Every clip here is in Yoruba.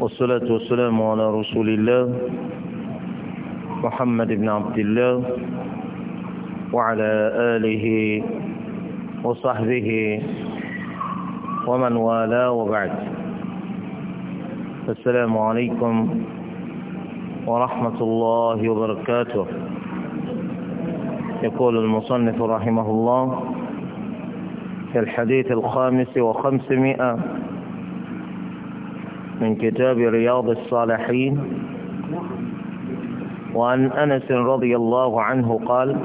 والصلاة والسلام على رسول الله محمد بن عبد الله وعلى آله وصحبه ومن والاه وبعد السلام عليكم ورحمة الله وبركاته يقول المصنف رحمه الله في الحديث الخامس وخمسمائة من كتاب رياض الصالحين وعن أنس رضي الله عنه قال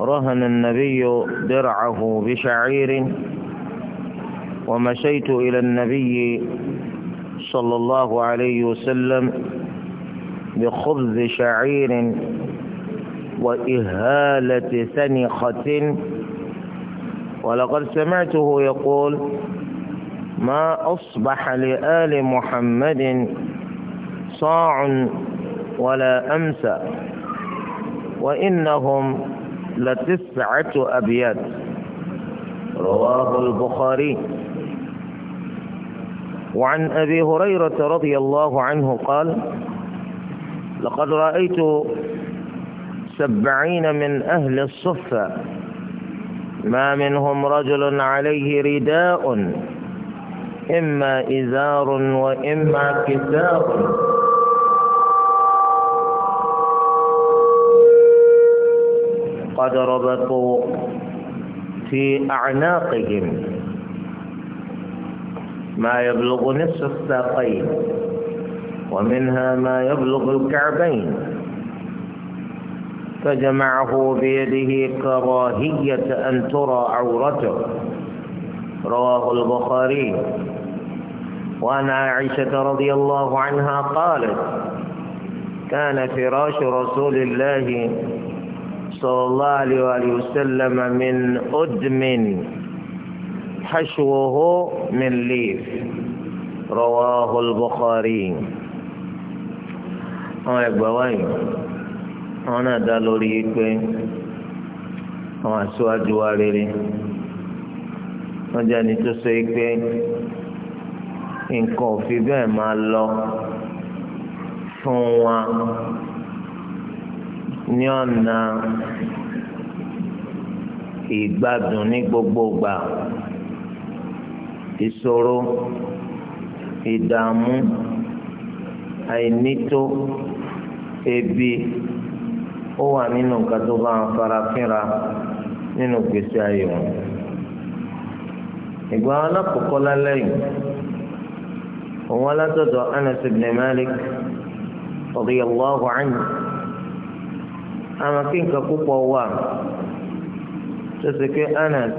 رهن النبي درعه بشعير ومشيت إلى النبي صلى الله عليه وسلم بخبز شعير وإهالة سنخة ولقد سمعته يقول ما أصبح لآل محمد صاع ولا أمسى وإنهم لتسعة أبيات رواه البخاري وعن أبي هريرة رضي الله عنه قال لقد رأيت سبعين من أهل الصفة ما منهم رجل عليه رداء إما إزار وإما كتاب قد ربطوا في أعناقهم ما يبلغ نصف الساقين ومنها ما يبلغ الكعبين فجمعه بيده كراهية أن ترى عورته رواه البخاري وعن عائشة رضي الله عنها قالت كان فراش رسول الله صلى الله عليه وسلم من أدم حشوه من ليف رواه البخاري أنا بواي أنا àwọn náà dá lórí pé àwọn aṣáájú wa nǹkan ò fi bẹ́ẹ̀ máa lọ fún wa ní ọ̀nà ìgbádùn ní gbogbo ìṣòro ìdààmú àìnító ebi ó wà nínú nǹkan tó bá ń farafínra nínú gbèsè ayé ìgbà alákòókò lálẹ́ yìí òun alátọ̀tọ̀ Anas ibn Malik radiyallahu anhu àwọn kí nǹkan púpọ̀ wà tó ṣe pé Anas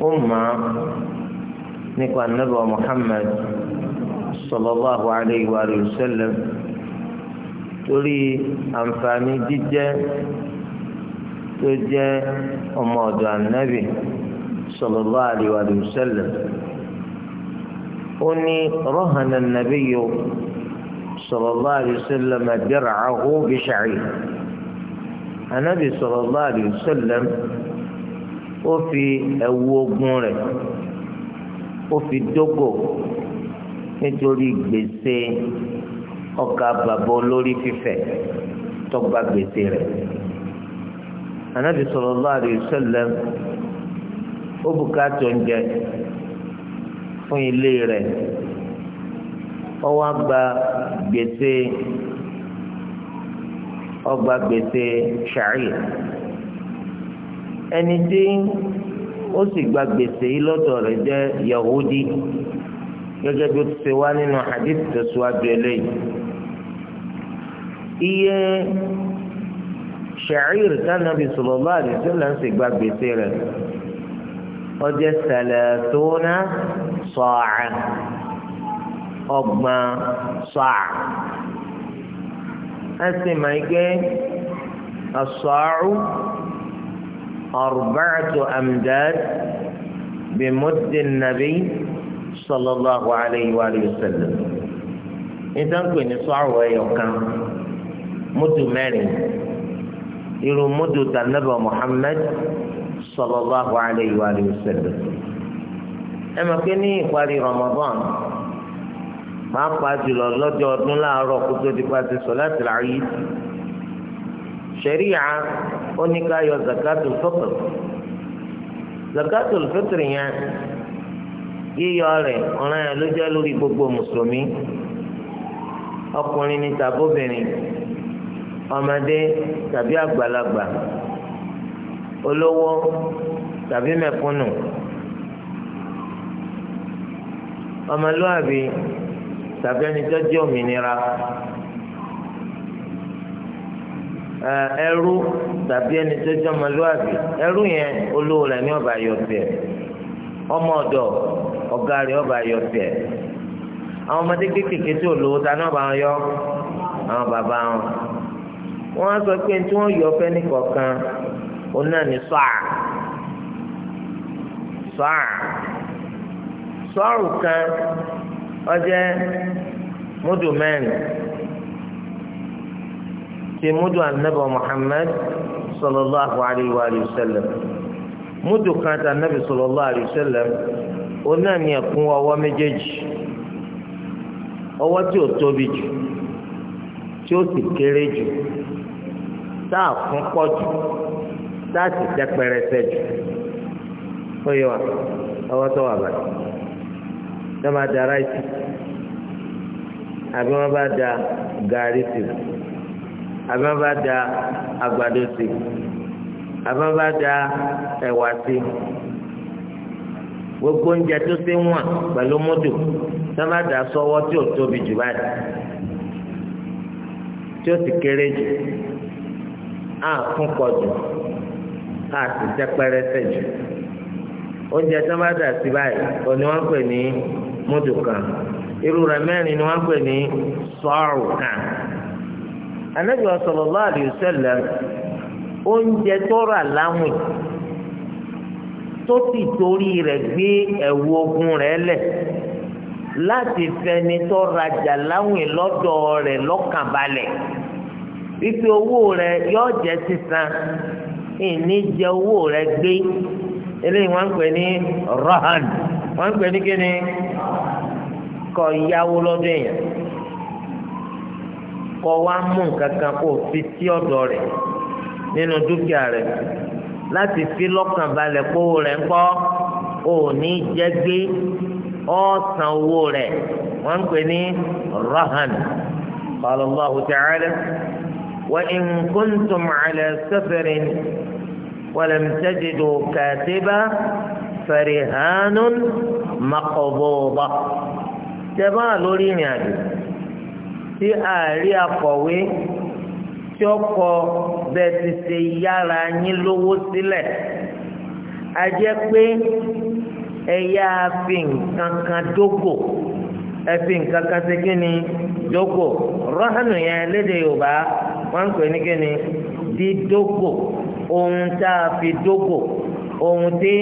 ó máa nípa Ànábì Muhammad sallallahu alayhi wa sallam torí àǹfààní jíjẹ́ tó jẹ́ ọmọ ọ̀dọ̀ Ànábì sallallahu alayhi wa sallam ó ní rọ́hànà nàbíyó sallallahu alaihi wasallam dir'ahu bisha'ir anabi sallallahu alaihi wasallam ó fi ẹ̀wù ogun rẹ̀ ó fi dógò nítorí gbèsè ọkà bàbá olórí fífẹ̀ tọgbà gbèsè rẹ̀ anabi sallallahu alaihi ó bùkátà oúnjẹ fún ilé rẹ̀ ó wá gba gbèsè ó gba gbèsè ṣàárì ẹni tí ó sì gba gbèsè yìí lọ́dọ̀ rẹ̀ jẹ́ yahudi gẹ́gẹ́ bí ó ti ṣe wá nínú hadith tó ṣíwájú eléyìí iye ṣàárì tánàbí sallallahu alaihi wasallam ń sì gba gbèsè rẹ̀ ó sàlẹ̀ tó náà sọ́ọ̀à ọgbọ̀n sọ́ọ̀à ẹ sì mọ̀ ike asọ́ọ̀rù arba'atu amdad bimuddi nabi sallallahu alayhi wa sallam nítorí pé ní sọ́ọ̀rù ẹ̀yọ̀ kan múdù mẹ́rin irú múdù tànàbà Muhammad sallallahu alayhi wa sallam ẹ mọ̀ pé ní ìparí Ramadan máa pa jùlọ lọ́jọ́ ọdún láàárọ̀ kó tó di pàṣẹ sọ̀láàtì láàyè ṣẹ̀ríyà ó ní ká yọ zakatul fitr zakatul fitr yẹn yíyọ rẹ̀ ọ̀ràn yẹn ló jẹ́ lórí gbogbo mùsùlùmí ọkùnrin ni tàbóbìnrin ọmọdé tàbí àgbàlagbà olówó tàbí mẹ̀kúnnù. ọmọlúwàbí tàbí ẹni tó jẹ́ òmìnira ẹrú tàbí ẹni tó jẹ́ ọmọlúwàbí ẹrú yẹn olówó rẹ̀ ní ọba ayọ̀ tiẹ̀ ọmọ ọ̀dọ̀ ọ̀gá rẹ̀ ọba ayọ̀ tiẹ̀ àwọn ọmọdé kékeré tí ò lówó ta náà bá wọn yọ àwọn bàbá wọn wọn á sọ pé tí wọn yọ ọfẹ nìkọ̀ọ̀kan òun náà ní sọ́à sọ́à sọ́ọ̀rù kan ọjẹ́ múdù mẹ́rin ti múdù anabi Muhammad sallallahu alayhi wa sallam múdù kan ti anabi sallallahu alayhi wa sallam òun náà ni ẹ̀kún ọwọ́ méjèèjì ọwọ́ tí ò tóbi jù tí ó sì kéré jù tá a fún pọ̀ jù tá a sì tẹ́ pẹrẹsẹ jù ó yẹ wa ọwọ́ tó wà báyìí tí wọ́n bá da ráìtì àbí wọ́n bá da gàrí sí àbí wọ́n bá da àgbàdo sí àbí wọ́n bá da ẹ̀wà sí gbogbo oúnjẹ tó ṣe ń wà pẹ̀lú mọ́tò tí wọ́n da sọ́wọ́ tí ò tóbi jù báyìí tí ó sì kéré jù á fún pọ̀ jù á sì jẹ́ pẹ́rẹ́sẹ̀ jù oúnjẹ tí wọ́n bá sí báyìí òní wọ́n pè ní mọ́tò kan irú rẹ̀ mẹ́rin ni wọ́n pè kan anabi sallallahu alayhi oúnjẹ tó rà láwìn tó sì torí rẹ̀ gbé ẹ̀wù ogun rẹ̀ lẹ̀ láti fẹni tó rajà láwìn lọ́dọ̀ rẹ̀ lọ́kàn balẹ̀ owó rẹ̀ yóò jẹ́ sísan ìní jẹ owó rẹ̀ gbé eléyìí pè ní kọ́ yáwó lọ́dọ̀ èèyàn kọ́ wá mú nǹkan kan kó o fi sí ọ̀dọ̀ rẹ̀ nínú dúkìá rẹ̀ láti fi lọ́kàn balẹ̀ kó o rẹ̀ ń kọ́ o ní jẹ́ gbé ọ̀sán owó rẹ̀ wọ́n ń pè ní rahan qalallahu ta'ala wa in kuntum ala safarin walam tajidu katiba farihanun maqbuda tẹ bá wà lórí ìrìn àjò tí àárí akọ̀wé tí ó kọ bẹ́ẹ̀ ti ṣe yára yín lówó sílẹ̀ a jẹ́ pé ẹ yá fi nǹkan kan dógò ẹ fi nǹkan kan ṣe kí ni dógò rọ́hánù yẹn léde Yorùbá wọ́n ń pè ní kí ni dídógò ohun tá a fi dógò ohun tí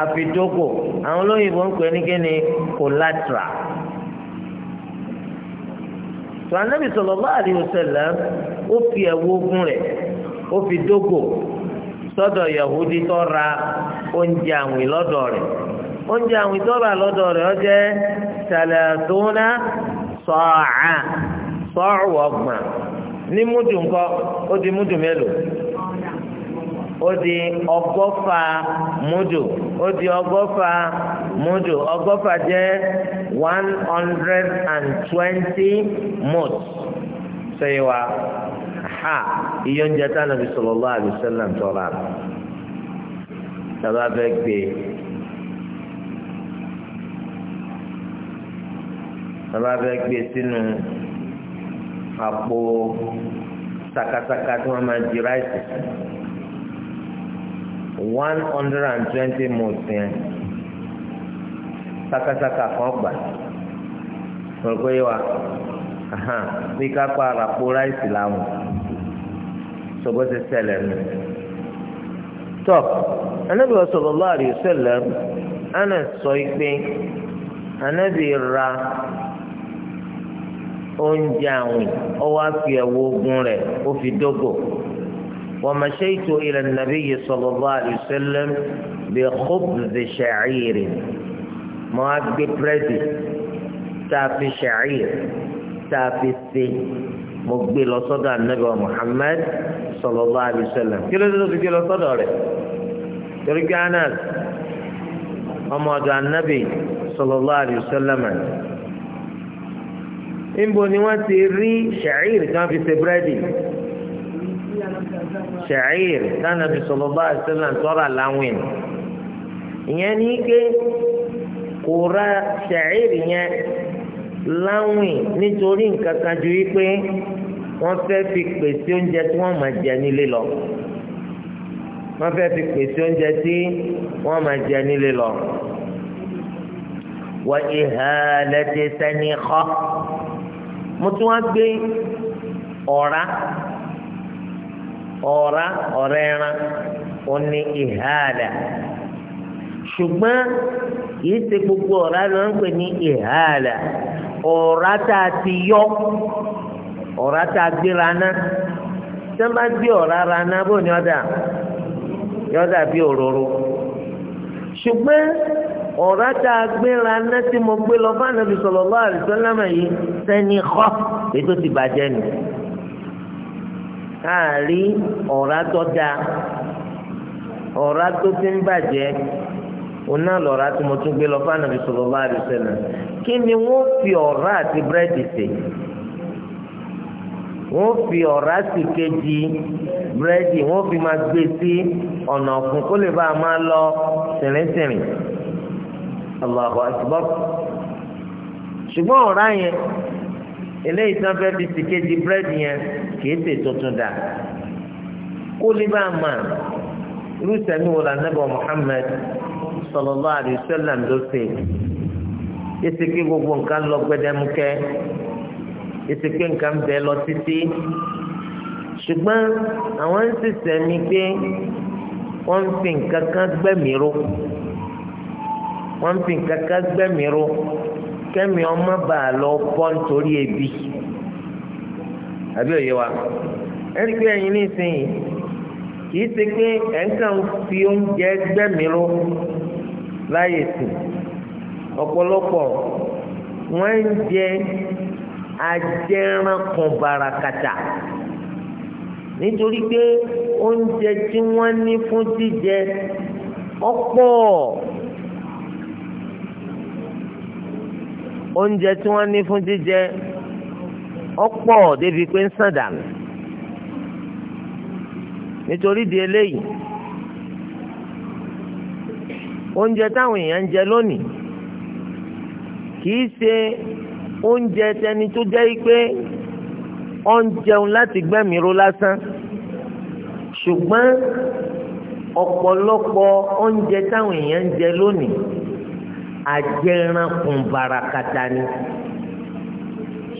a fi dógò àwọn olóyìnbó ń pè ní kí ni collateral tó anábì sallallahu alaihi wasallam ó fi ẹ̀wù ogun rẹ̀ ó fi dógò sọ́dọ̀ yahudi tó ra oúnjẹ àwìn lọ́dọ̀ rẹ̀ oúnjẹ àwìn tó ra lọ́dọ̀ rẹ̀ ó jẹ́ tàlàtúnà sọ̀ọ̀à ní múdù ó di múdù mélòó ó di ọgọ́fà múdù ó di ọgọ́fà múdù ọgọ́fà jẹ́ one hundred and twenty mut sẹ́yìn wa ha iye oúnjẹ tá a nàbì sallallahu alaihi wasallam tọ́ra tàbá fẹ́ gbé tàbá fẹ́ gbé sínú àpò sakasaka tí wọ́n máa di ráìsì sí one hundred and twenty modes yẹn sakasaka kan gbà pẹ̀lú pé wa bí kápá àràpò ráìsì làwọn sọgbó ti ṣẹlẹ̀ nù. tọ́ anábì sallallahu alaihi wasallam ana sọ pé anábì ra oúnjẹ àwìn ọwọ́ àfi ẹ̀wọ̀ ogun rẹ̀ ó fi dógò. ومشيت إلى النبي صلى الله عليه وسلم بخبز شعير ما بردي تافي شعير تافي سي مقبل صدى النبي محمد صلى الله عليه وسلم كل ذلك كل صدى ترجع ناس أما النبي صلى الله عليه وسلم إن بني شعير كان في سبردي ṣàìr tánàbí sọlọ́bà àṣẹlẹ̀ tọ́ra láwìn ìyẹn ní ké kò ra ṣàìr yẹn láwìn nítorí nǹkan kan ju wípé wọ́n fẹ́ fi pèsè oúnjẹ tí wọ́n máa jẹ nílé lọ wọ́n fẹ́ fi pèsè oúnjẹ tí wọ́n máa jẹ nílé lọ wọ ìhà lẹ́tẹ̀ẹ́sẹ́ ní kọ́ mo tún wá gbé ọ̀rá ọ̀rá ọ̀rẹ́ ẹran ó ní ìhàdà ṣùgbọ́n yìí ṣe gbogbo ọ̀rá ló ń pè ní ìhàdà ọ̀rá tá a ti yọ ọ̀rá tá a gbé raná tí wọ́n bá gbé ọ̀rá raná bó ni ọ̀dà yọ̀dà bí òróró ṣùgbọ́n ọ̀rá tá a gbé raná tí mo gbé lọ bá nàbì sallallahu alaihi wasallam yìí sẹ́ni xọ́ ètò ti bàjẹ́ nìyẹn àárí ọ̀rá tó dáa ọ̀rá tó ti ń bàjẹ́ oná lọ́ra tí mo tún gbé lọ fún ànàbì sọ̀rọ̀ bá rí sẹ́lẹ̀ kí ni wọ́n fi ọ̀rá àti búrẹ́dì sè wọ́n fi ọ̀rá sì kejì búrẹ́dì wọ́n fi máa gbé sí ọ̀nà ọ̀fun kó lè bá a máa lọ tìrìntìrìn Allahu Akbar ṣùgbọ́n ọ̀rá yẹn eléyìí tí fi sì kejì búrẹ́dì yẹn kìí ṣe tuntun dà kó lè bá a mà irú sẹ́mi wò lànàbọ̀ Muhammad sallallahu alaihi wasallam ló ṣe èsì pé gbogbo nǹkan lọ gbẹdẹmukẹ èsì pé nǹkan bẹ lọ títí ṣùgbọ́n àwọn ń ṣiṣẹ́ mi pé wọ́n ń fi nǹkan kan gbẹ̀mìíró wọ́n ń fi nǹkan kan gbẹ̀mìíró kẹ́mi ọmọ bàá lọ ebi. àbí òye wa ẹni pé ẹyin nísìnyí kìí ṣe pé ẹ̀ńkà ń fi oúnjẹ gbẹ̀mí ló láyè sùn ọ̀pọ̀lọpọ̀ wọ́n ń jẹ ajẹ́rankan barakata nítorí pé oúnjẹ tí ní fún jíjẹ oúnjẹ tí wọn ní fún jíjẹ ọ̀pọ̀ débi pé ń sàn dànù nítorí di eléyìí oúnjẹ táwọn èèyàn ń jẹ lónìí kìí ṣe oúnjẹ tẹni tó jẹ́ pé ó ń jẹun láti gbẹ́mìí ró lásán ṣùgbọ́n ọ̀pọ̀lọpọ̀ oúnjẹ táwọn èèyàn ń jẹ lónìí àjẹran bàràkàtà ni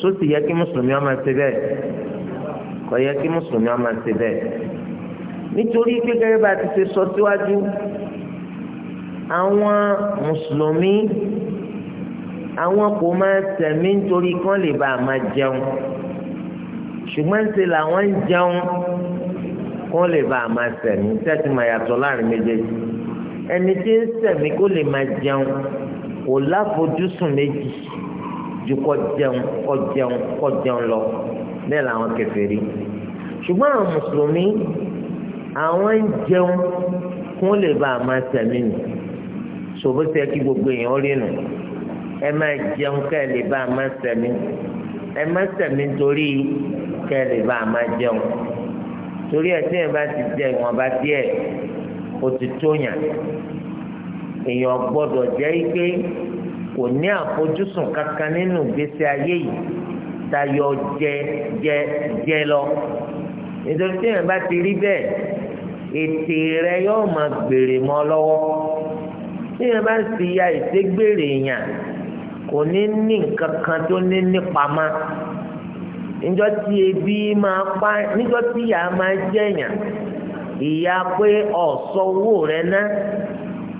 só sì yẹ kí mùsùlùmí ọmọ ṣe bẹ́ẹ̀ kò yẹ kí mùsùlùmí ọmọ ṣe bẹ́ẹ̀ nítorí kékeré bá ti ṣe sọ síwájú àwọn mùsùlùmí àwọn kò máa tẹ̀mí nítorí kán lè bá a máa jẹun ṣùgbọ́n ń ṣe làwọn ń jẹun kán lè bá a máa tẹ̀mí tẹ́tí máa yàtọ̀ láàrin méjèèjì ẹni tí ń sẹ̀mí kó lè máa jẹun kò láfojúsùn méjì ju kọ́ jẹun kọ́ jẹun kọ́ jẹun lọ bẹ́ẹ̀ làwọn kèfèrí ṣùgbọ́n àwọn mùsùlùmí àwọn ń jẹun kún lè bá a máa sẹ̀mí nù ṣòbóṣe kí gbogbo èèyàn rí nù ẹ máa jẹun kẹ́ ẹ lè bá a máa sẹ̀mí ẹ máa sẹ̀mí torí kẹ́ ẹ lè bá a máa jẹun torí ẹ tí ẹ bá ti jẹ ìwọ̀nba díẹ̀ ó ti tó yàn èèyàn gbọ́dọ̀ jẹ́ ike kò ní àfojúsùn kankan nínú ìgbésí ayé yìí tayọ jẹ jẹ jẹ lọ nítorí tí èèyàn bá ti rí bẹ́ẹ̀ ètè rẹ yóò máa gbèrè mọ́ lọ́wọ́ tí èèyàn bá sì ya ètè gbèrè èèyàn kò ní ní nǹkan kan tó ní nípamá níjọ́ tí ebi máa pa níjọ́ tí ìyá máa jẹ̀yàn ìyá pé ọ̀sọ́wó rẹ ná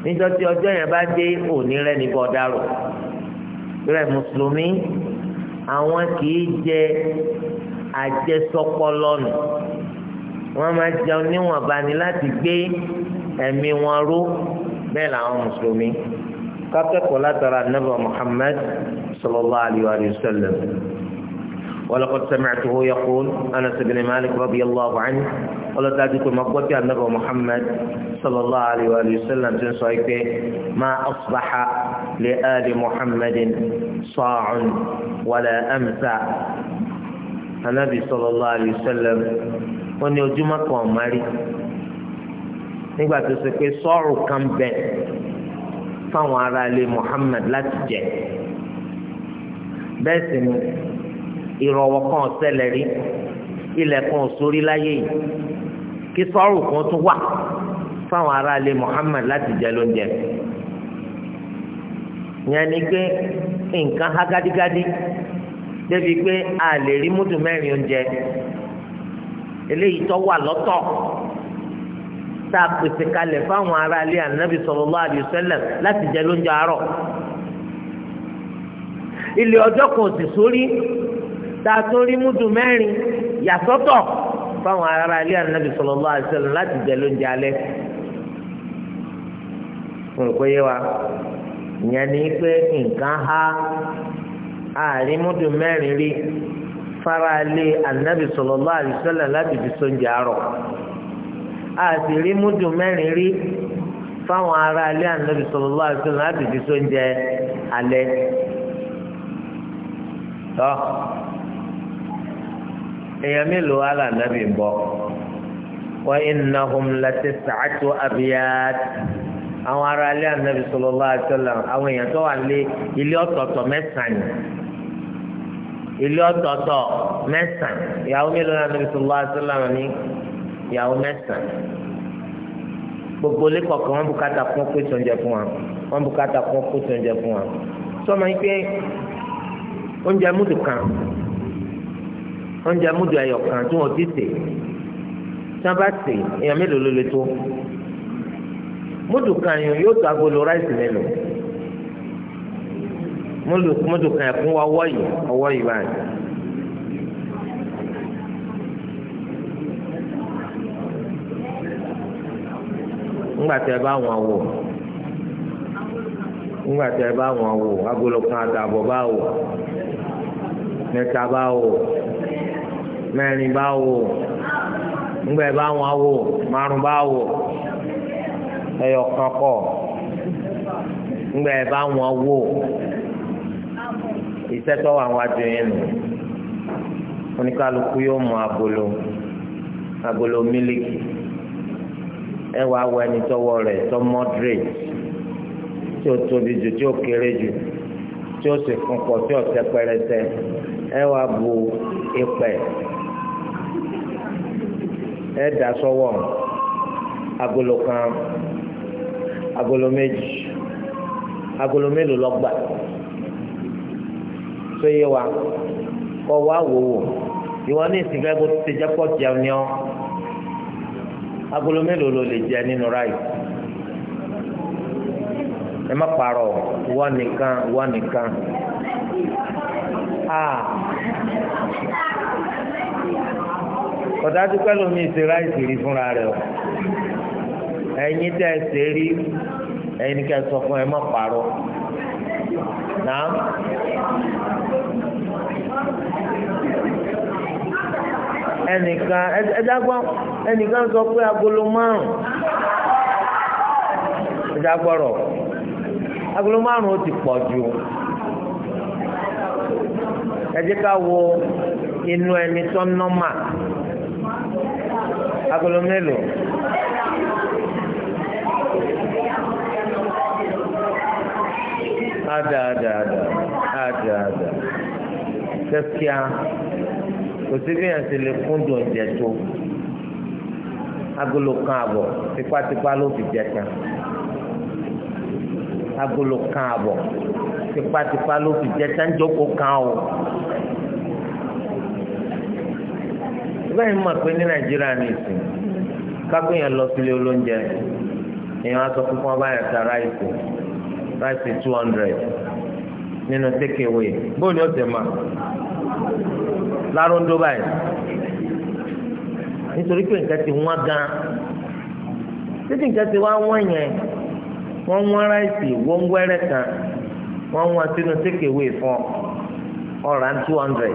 níjọ́ tí ọjọ́ yẹn bá dé òní rẹ níbọ dárò rẹ mùsùlùmí àwọn kì í jẹ àjẹsọpọ lọnà wọn máa jẹun níwọ̀nba ni láti gbé ẹ̀mí wọn ró bẹ́ẹ̀ làwọn mùsùlùmí kákẹ́kọ̀ọ́ látara nabi muhammad sallallahu alayhi wa sallam. ولقد سمعته يقول أنس بن مالك رضي الله عنه ولا تأتيك مقوتي النبي محمد صلى الله عليه وآله وسلم تنصيك ما أصبح لآل محمد صاع ولا أمسى النبي صلى الله عليه وسلم wọ́n ní ojúmọ́ kan ọ̀ máa rí nígbà tó ṣe pé sọ́ọ̀rù kan ìrọ̀wọ́ kan ṣẹlẹ̀ rí ilẹ̀kùn òṣòrí láyé yìí kí sọ́ọ̀rù kan tún wà fáwọn aráalé Muhammad láti jẹ lóúnjẹ yẹn ni pé nǹkan há gádígádí débi pé a lè rí múdù mẹ́rin oúnjẹ eléyìí tó wà lọ́tọ̀ tá a pèsè kalẹ̀ fáwọn aráalé Anabi láti jẹ lóúnjẹ àárọ̀ ilé ọjọ́ kan sì sórí dàtórí múdù mẹ́rin yàtọ̀tọ̀ fáwọn ará ilé ànábì sallallahu alaihi wasallam láti jẹ lóúnjẹ alẹ́ fún ìkó yé wa ìyẹn ni pé nǹkan ha ààrin múdù mẹ́rin rí fara ilé ànábì sallallahu alaihi wasallam láti fi sóúnjẹ àárọ̀ àti rí múdù mẹ́rin rí fáwọn ará ilé ànábì sallallahu alaihi láti fi sóúnjẹ alẹ́ tọ́ èèyàn mélòó alànàbì ń bọ wa innahum latis'atu abiyat àwọn ará ilé ànàbì sallallahu alaihi wasallam àwọn èèyàn tó wà lé ilé ọ̀tọ̀ọ̀tọ̀ mẹ́sàn-án ilé ọ̀tọ̀ọ̀tọ̀ mẹ́sàn-án ìyàwó mélòó ànàbì sallallahu alaihi wasallam ní ìyàwó mẹ́sàn-án gbogbo ilé kọ̀ọ̀kan wọn bùkátà fún pé tó ń jẹ fún wa wọn bùkátà fún pé tó ń jẹ fún wa sọ ma ń pé oúnjẹ múdù oúnjẹ amúdù ayọ̀ kan tí wọ́n ti sè tí wọ́n bá sè èèyàn mélòó ló lè tó múdù kan yìí yóò tó agolo ráìsì mélòó múdù kan ẹ̀kún ọwọ́ yìí ọwọ́ yìí báyìí. ńgbà tẹ bá wọn wò ńgbà tẹ bá wọn wò agolo kan àtàbọ̀ bá wò mẹ́ta bá wò. mẹ́rin bá wò ńgbẹ bá wọn wò márùn bá wò ẹyọ kan kọ ńgbẹ bá wọn wò wà nù yóò agolo agolo mílíkì ẹ wá wọ ẹni tọ́wọ́ rẹ̀ tobi mọdírèjì tí o tóbi jù tí o kéré jù tí ó sì fún bu ikpe. ẹ dà sọ́wọ́ agolo kan agolo méjì agolo mélòó lọ́gbà tó yé wa kọ́ wa wò wò ìwọ ní ìsìnkú ẹgbẹ́ tó ti jẹ́ pọ̀ jẹun ni ọ́ agolo mélòó ló lè jẹ nínú ráì ẹ má parọ́ wọ́n nìkan wọ́n nìkan Ah kọ̀dájú pẹ́lú mi ṣe ráìsì rí fúnra rẹ̀ o ẹ̀yin tẹ́ ẹ ṣe rí ẹ̀yin kẹ́ ẹ sọ fún ẹ mọ́ pàrọ̀ náà. ẹnìkan ẹdágbọ́n ẹnìkan sọ pé agolo márùn ẹdágbọ́rọ̀ agolo márùn ó ti pọ̀ jù ẹ jẹ́ ká wo inú ẹni tó nọ́mà. No agolo mélòó. ada ada ada ada ada sẹ́kíá kò sí bí yẹn ti lè kún dùn jẹ tó agolo kan àbọ̀ tipátipá ló fi jẹ tán agolo kan àbọ̀ tipátipá ló fi jẹ tán jókòó kan o. báyìí mọ̀ pé ní nàìjíríà ní ìsìn kápẹ́yìn lọ sílé olóúnjẹ èèyàn á sọ fún wọn báyìí ta ráìsì ráìsì two hundred nínú takeaway bóòlù ọ̀sẹ̀ mà lárúndó báyìí nítorí pé nǹkan ti wọ́n gan títí nǹkan ti wá wọ́n yẹn wọ́n wọ́n ráìsì wọ́n wẹ́rẹ́ kan wọ́n wọ́n sínú away fún ọ̀ràn two hundred.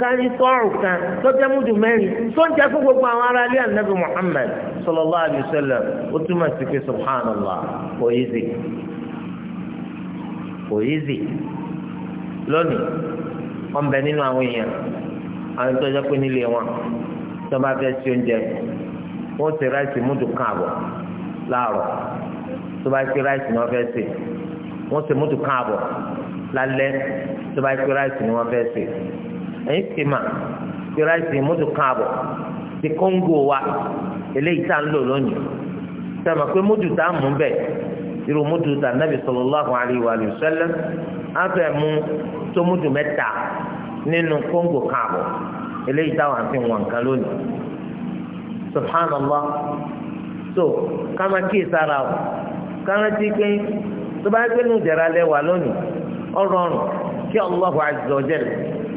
kárí sọ́ọ̀rù kan tó jẹ́ múdù mẹ́rin tó ń jẹ́ fún gbogbo àwọn ará ilé ànábì Muhammad sallallahu alaihi ó túmọ̀ sí pé subhanallah kò easy kò easy lónìí wọ́n bẹ nínú àwọn èèyàn àwọn tó jẹ́ pé nílé wọn tó bá fẹ́ sí oúnjẹ wọ́n ti ráìsì múdù kan àbọ̀ láàárọ̀ tó bá ti ráìsì ni fẹ́ sè wọ́n ti múdù kan àbọ̀ lálẹ́ tó bá ti ráìsì ni fẹ́ sè. ẹ̀yìn ti ma ti ráìsì múdù kaabo ti wa eléyìí tá à lò lónìí sọ̀rọ̀ pé múdù tá mú bẹ̀ irú tá nàbì alaihi wa sallam á fẹ́ mú tó múdù mẹ́ta nínú kóńgò kan àbọ̀ eléyìí wọn kan lónìí subhanallah so kama o kama ti tó bá lónìí ọrọrùn kí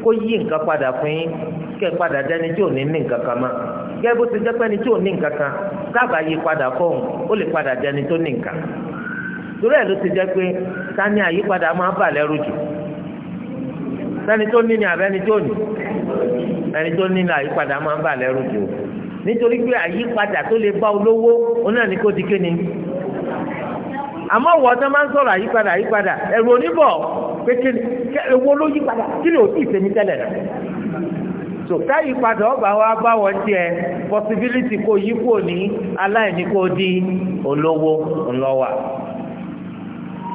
kó yí nǹkan padà fún yín kẹ́ padà dání tí ò ní ní nǹkan kan mọ́ bó ti jẹ́ pẹ́ni tí ò ní nǹkan kan sábà yí padà fóun ó lè padà dání tó ní nǹkan torí ẹ̀ ló ti jẹ́ pé sani àyípadà máa bà lẹ́rù jù sani tó ní ni àbẹ́ni tó ní ẹni tó ní ni àyípadà máa bà lẹ́rù jù nítorí pé àyípadà tó lè bá olówó di kéne àmọ́ wọ́n máa ń sọ̀rọ̀ àyípadà àyípadà ẹ̀rù oníbọ̀ pé kí ewo ló yí padà kí ni ò tí ì ṣe ní tẹ́lẹ̀ rẹ̀ so táyì padà ọba wa bá wọn tiẹ̀ possibility kò yí kò ní aláìní kò di olówó ńlọ́wà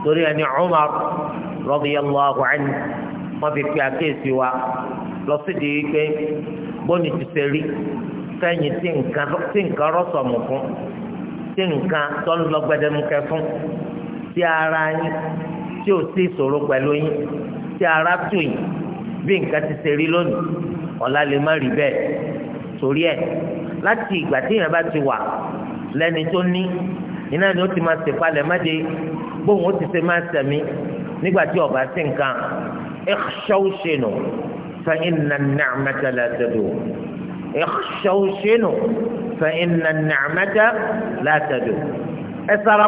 torí ẹni Umar radiyallahu anhu wọ́n fi pe àkéèsí wa lọ sídìí wípé bóni ti ṣe rí sẹ́yìn tí nǹkan rọ́sọ̀mù fún tí nǹkan tó ń lọ fún tí ara yín tí ò sí ìṣòro pẹ̀lú yín tí ara tù yín bí nǹkan ti ṣe rí lónìí ọ̀la lè má rí bẹ́ẹ̀ torí ẹ̀ láti ìgbà tí èèyàn bá ti wà lẹ́ni tó ní iná ni ó ti máa ṣèpalẹ̀ máde bóun ó ti ṣe máa ṣẹ̀mí nígbà tí ọba sí nǹkan ìṣọ́ṣẹ́nu fẹ́yìn na nàmẹ́tẹ́ látẹ̀dù ìṣọ́ṣẹ́nu fẹ́yìn na nàmẹ́tẹ́ látẹ̀dù ẹ sara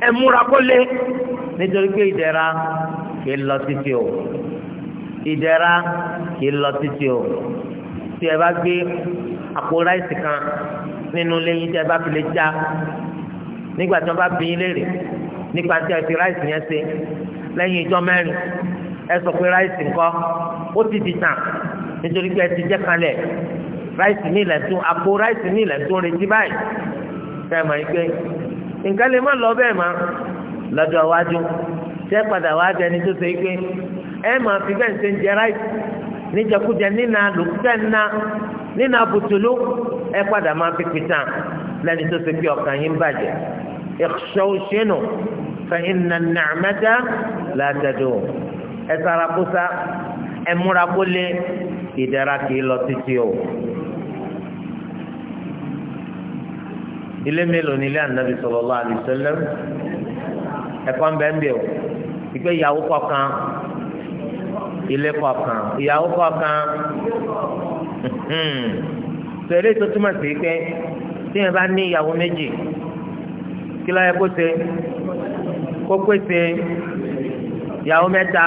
ẹ múra kó lé nítorí pé ìdẹ̀ra kì í lọ títí o ìdẹ̀ra kì í lọ títí o tí ẹ bá gbé àpò ráìsì kan nínú lẹ́yìn tí ẹ bá fi lè já nígbà tí wọ́n bá bí yín léèrè nípa tí ẹ fi ráìsì yẹn ṣe lẹ́yìn ìjọ mẹ́rin ẹ sọ pé ráìsì ńkọ́ ó ti di tàn nítorí pé ẹ ti jẹ́ kalẹ̀ ráìsì ní ilẹ̀ tún àpò ráìsì ní ilẹ̀ tún retí báyìí fẹ́ẹ́ mọ̀ yín pé nǹkan lè má lọ bẹ́ẹ̀ mọ́ lọ́jọ́ iwájú tẹ́ padà wá jẹni tó ṣe pé ẹ máa fi bẹ́ẹ̀ ṣe ń jẹ ráìtì níjẹkújẹ nínà lòkútẹ́ nínà nínà bùtùlù ẹ padà máa fi pìtàn lẹ́ni tó ṣe pé ọkàn yín bàjẹ́ ìṣọ́ òṣèlú fẹ̀yìnnà nàmẹ́dá làdàdò ẹ sara kósa ẹ múra kólé ìdára kì í lọ títí o. ilé mélòó ni ilé ànábì sallallahu alaihi wasallam ẹ̀kọ́ ń bẹ ń bẹ o ìgbé ìyàwó kọ̀ọ̀kan ilé kọ̀ọ̀kan ìyàwó kọ̀ọ̀kan tẹ̀lé tó túmọ̀ sí pé tí yẹn bá ní ìyàwó méjì kí ló yẹ kó ṣe kó pèsè ìyàwó mẹ́ta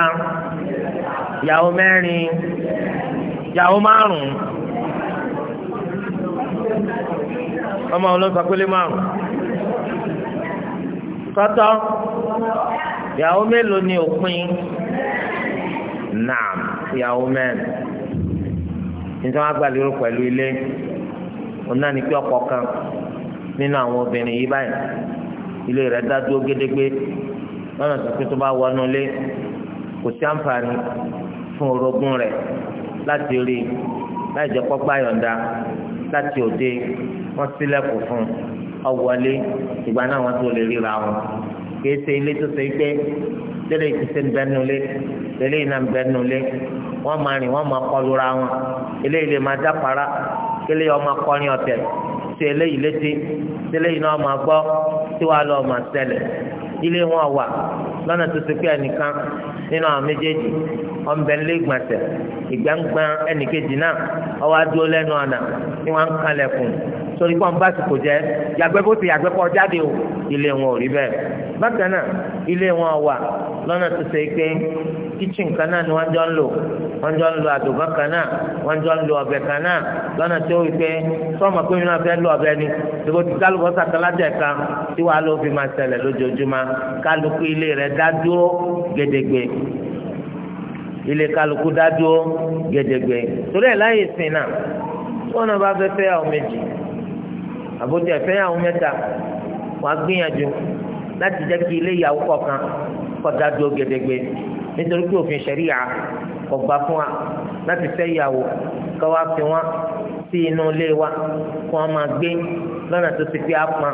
ìyàwó mẹ́rin ìyàwó márùn-ún. ọmọ ọlọ́sàkúlé márùn tọ́tọ́ ìyàwó mélòó ni òpin naam ìyàwó mẹ́rin nítorí wọn gbà lérò pẹ̀lú ilé wọn náà ní pé ọkọ kan nínú àwọn obìnrin yìí báyìí ilé rẹ̀ dá dúró gédégbé lọ́nà tó pé tó bá wọnú ilé kò sí àǹfààní fún orogún rẹ̀ láti rí láì jẹ́ pọ́pá yọ̀ǹda láti òde wọ́n sílẹ̀kùn fún ọ̀wọ́lé ìgbà náà wọ́n tó lè ríra wọn kìí ilé tó ṣe pé tẹ́lẹ̀ ìtìsẹ́ ń bẹ́nu lé tẹ́lẹ̀ iná ń bẹ́nu lé wọ́n máa rìn wọ́n máa kọlura wọn eléyìí lè máa dápara kélé ọmọ akọrin ọ̀tẹ̀ eléyìí létí tẹ́lẹ̀ iná ọmọ tí wàá lọ ọmọ ilé wọn wà lọ́nà tó ṣe pé ẹnìkan nínú àwọn méjèèjì nílé ìgbọ̀nsẹ̀ ìgbàǹgbà náà ọwọ́ tí wọ́n ń torí kọ́ ń bá sìkò jẹ́ yàgbẹ́ bó ti yàgbẹ́ kọ́ jáde o ilé wọn ò rí bẹ́ẹ̀ bákan náà ilé wọn wà lọ́nà tó ṣe pé kíchìn kan náà ni wọ́n jọ ń lò wọ́n jọ ń lo àdùbọ́n kan náà wọ́n jọ ń lo ọ̀bẹ kan náà lọ́nà tó wí pé sọ́ọ̀mù pé mi náà fẹ́ lo ọ̀bẹ ni ìbò ti kálukọ́sà kan lájẹ̀ kan tí wàá ló fi máa ṣẹlẹ̀ lójoojúmọ́ kálukú ilé rẹ̀ dá dúró ilé kálukú dá dúró torí ẹ̀ láyè sìn náà tí wọ́n náà bá fẹ́ fẹ́ àwọn méjì àbójú ẹ̀fẹ́ yàwó mẹ́ta wọ́n á gbìyànjú láti jẹ́ kí ilé ìyàwó kọ̀ọ̀kan kọ́dá dúró gẹ́dẹ́gbẹ́ nítorí pé òfin ṣẹ̀ríyà kò gbà fún wa láti fẹ́ ìyàwó kọ́ wá fi wọ́n sí inú ilé wa kó wọ́n máa gbé lọ́nà tó ti fi á pọn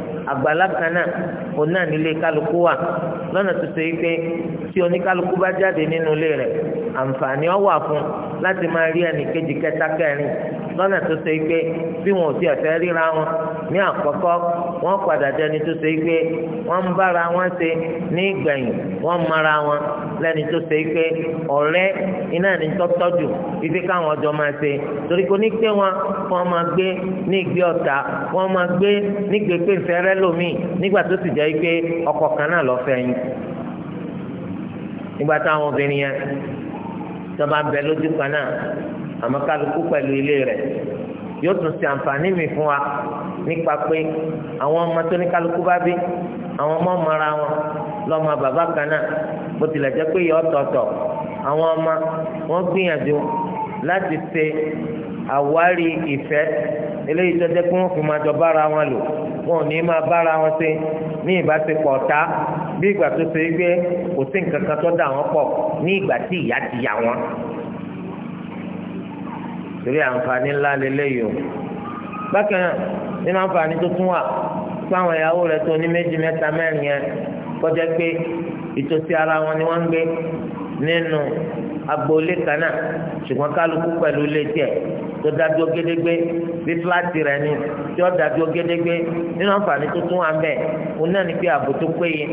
àgbàlá kan náà òun náà nílé kálukú wà lọ́nà tó ṣe pé tí oníkálukú bá jáde nínú ilé rẹ̀ àǹfààní ó wà fún láti máa rí ẹnì kejì kẹta kẹrin lọ́nà tó ṣe pé bí wọn ò tiẹ̀ fẹ́ ríra wọn ní àkọ́kọ́ wọ́n padà dẹni tó ṣe pé wọ́n ń bára wọn ṣe ní ìgbẹ̀yìn wọ́n mara wọn lẹ́ni tó ṣe pé ọ̀rẹ́ iná ní tọ́tọ́jù ibi káwọn ọjọ́ máa ṣe torí kò ní wọn wọ́n máa gbé ní ìgbé ọ̀tá wọ́n máa gbé nígbè pé ìfẹ́rẹ́ lòmíì nígbà tó sì jẹ́ ọkọ kan náà yóò tún ṣe àǹfààní mi fún wa nípa pé àwọn ọmọ tó ní kálukú bá bí àwọn ọmọ mọra wọn lọ́mọ bàbá kan náà bó tilẹ̀ jẹ́ pé yọ ọ̀tọ̀ọ̀tọ̀ àwọn ọmọ wọn gbìyànjú láti ṣe àwárí ìfẹ́ eléyìí tó jẹ́ pé wọ́n fi máa jọ bára wọn lò wọn ò ní máa bára wọn ṣe ní ìbáṣepọ̀ ọ̀tá bí ìgbà tó ṣe gbé kò sí nǹkan kan tó dà wọ́n pọ̀ ní ìgbà tí ìyá ti yà wọ́n torí àǹfààní ńlá lélẹ́yìí o bákan náà nínú àǹfààní tó tún wà fún ìyàwó rẹ tó ní méjì mẹ́ta mẹ́rin yẹn kọjá pé ìtòsí ara wọn ni wọ́n ń gbé nínú agboolé kana náà ṣùgbọ́n kálukú pẹ̀lú ilé tiẹ̀ tó dájú gédégbé bí fúláàtì rẹ̀ ni tí ó dájú gédégbé nínú àǹfààní tó tún wà ń bẹ̀ òun náà ni pé ààbò tó péye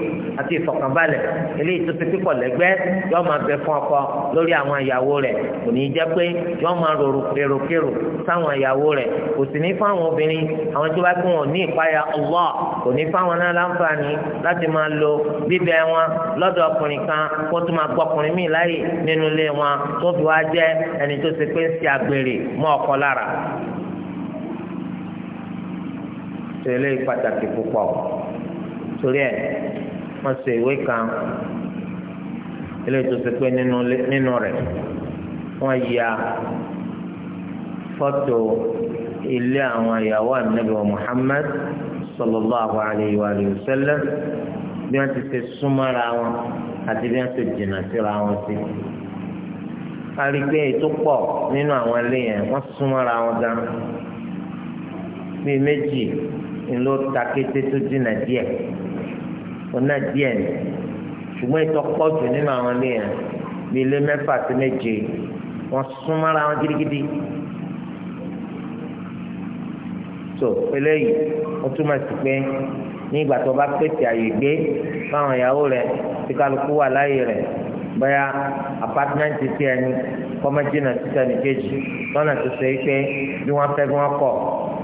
àti ìfọ̀kànbalẹ̀ eléyìí tó ti pípọ̀ lẹ́gbẹ́ yóò máa bẹ fún ọkọ lórí àwọn ìyàwó rẹ̀ kò ní jẹ́ pé yóò máa rorò kérokérò sáwọn ìyàwó rẹ̀ kò sì ní fáwọn obìnrin àwọn tó bá gbé wọn ní ìpayà Allah kò ní fáwọn náà láǹfààní láti máa lo bíbẹ wọn lọ́dọ̀ ọkùnrin kan kó tó máa gbọ́kùnrin míì láàyè nínú ilé wọn tó fi wá jẹ́ ẹni tó ṣe pé ń ṣe àgbèrè mọ́ ọkọ lára. tẹ̀lé pàtàkì púpọ̀ torí ẹ̀ wọ́n ṣe ìwé kan ilé tó ṣe pé nínú rẹ̀ wọ́n ya fọ́tò ilé àwọn ìyàwó ànábì Muhammad sallallahu alayhi wa sallam bí wọ́n ti ṣe súnmọ́ra wọn àti bí wọ́n ti jìnnà síra wọn sí arígbé tó pọ̀ nínú àwọn ilé yẹn wọ́n súnmọ́ra wọn gan bíi méjì ńlọ ta kété tó dínà díẹ̀ ọ̀nà díẹ̀ ni ṣùgbọ́n ìtọ́ pọ̀ jù nínú àwọn ilé yẹn bíi ilé mẹ́fà sí méje wọ́n súnmọ́ra wọn gidigidi. so eléyìí ó túmọ̀ sí pé ní ìgbà tó bá pèsè àyè gbé fáwọn ìyàwó rẹ̀ tí kálukú wà láyè rẹ̀ bóyá apatimẹ́ǹtì tí ẹni kọ́mẹ́jìnà títẹ̀ nìkejì lọ́nà tó ṣe pé bí wọ́n fẹ́ bí wọ́n kọ̀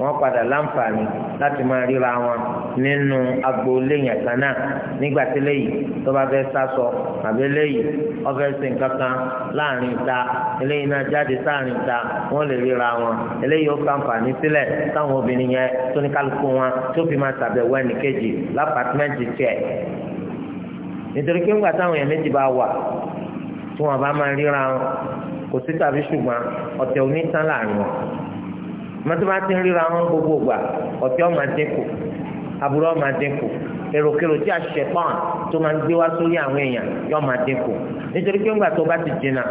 wọ́n padà láǹfààní láti máa ríra wọn nínú agboolé yẹn kan náà nígbà tí léyìí tó bá fẹ́ sásọ àbí léyìí wọ́n fẹ́ sin kankan láàrin ìta eléyìí náà jáde sáàrin ìta wọ́n lè ríra wọn eléyìí ó fàǹfààní sílẹ̀ táwọn obìnrin yẹn tó ní kálukú wọn tó fi máa ṣàbẹ̀wò ẹnìkejì lápàtímẹ́ǹtì tiẹ̀ nítorí pé ńgbà táwọn èèyàn méjì bá wà tí wọn bá máa ríra wọn kò sí tàbí ṣùgbọ́n ọ̀tẹ̀ onítàn láàrin wọn mọ́tò bá ti ń ríra wọn gbogbo gbà ọmọ dínkù aburú ọmọ dínkù èròkèrò tí a ṣe pọ́n tó máa ń gbé wá sórí àwọn èèyàn yóò máa dínkù nítorí pé ńgbà tó bá ti dènà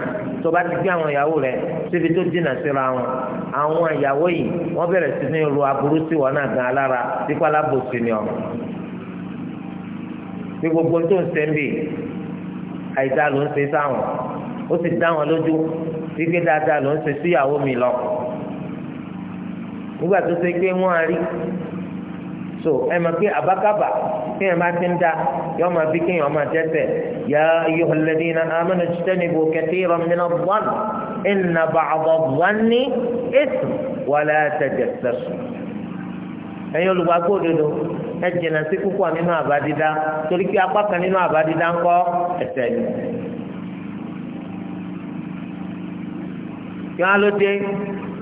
tó bá ti gbé àwọn ìyàwó rẹ síbi tó dènà síra wọn àwọn ìyàwó yìí sí ní ru aburú sí wọn àìdá ló ń ṣe sáwọn ó sì dá wọn lójú wípé dáadáa ló ń ṣe síyàwó mi lọ nígbà tó ṣe pé wọn á rí so ẹ mọ̀ pé àbákàbà kí ẹ máa ti ń da yọ máa bí kéèyàn máa tẹ́tẹ̀ yá ayyuhal ladhina amanu ijtanibu kathiran mina adh-dhann inna ba'da adh-dhanni ithm wa la tajassasu ẹ̀yin ẹ jìnnà sí púpọ̀ nínú àbá dídá torí pé apá kan nínú àbá dídá ń kọ́ ẹ̀ṣẹ̀ ni. kí wọ́n á ló dé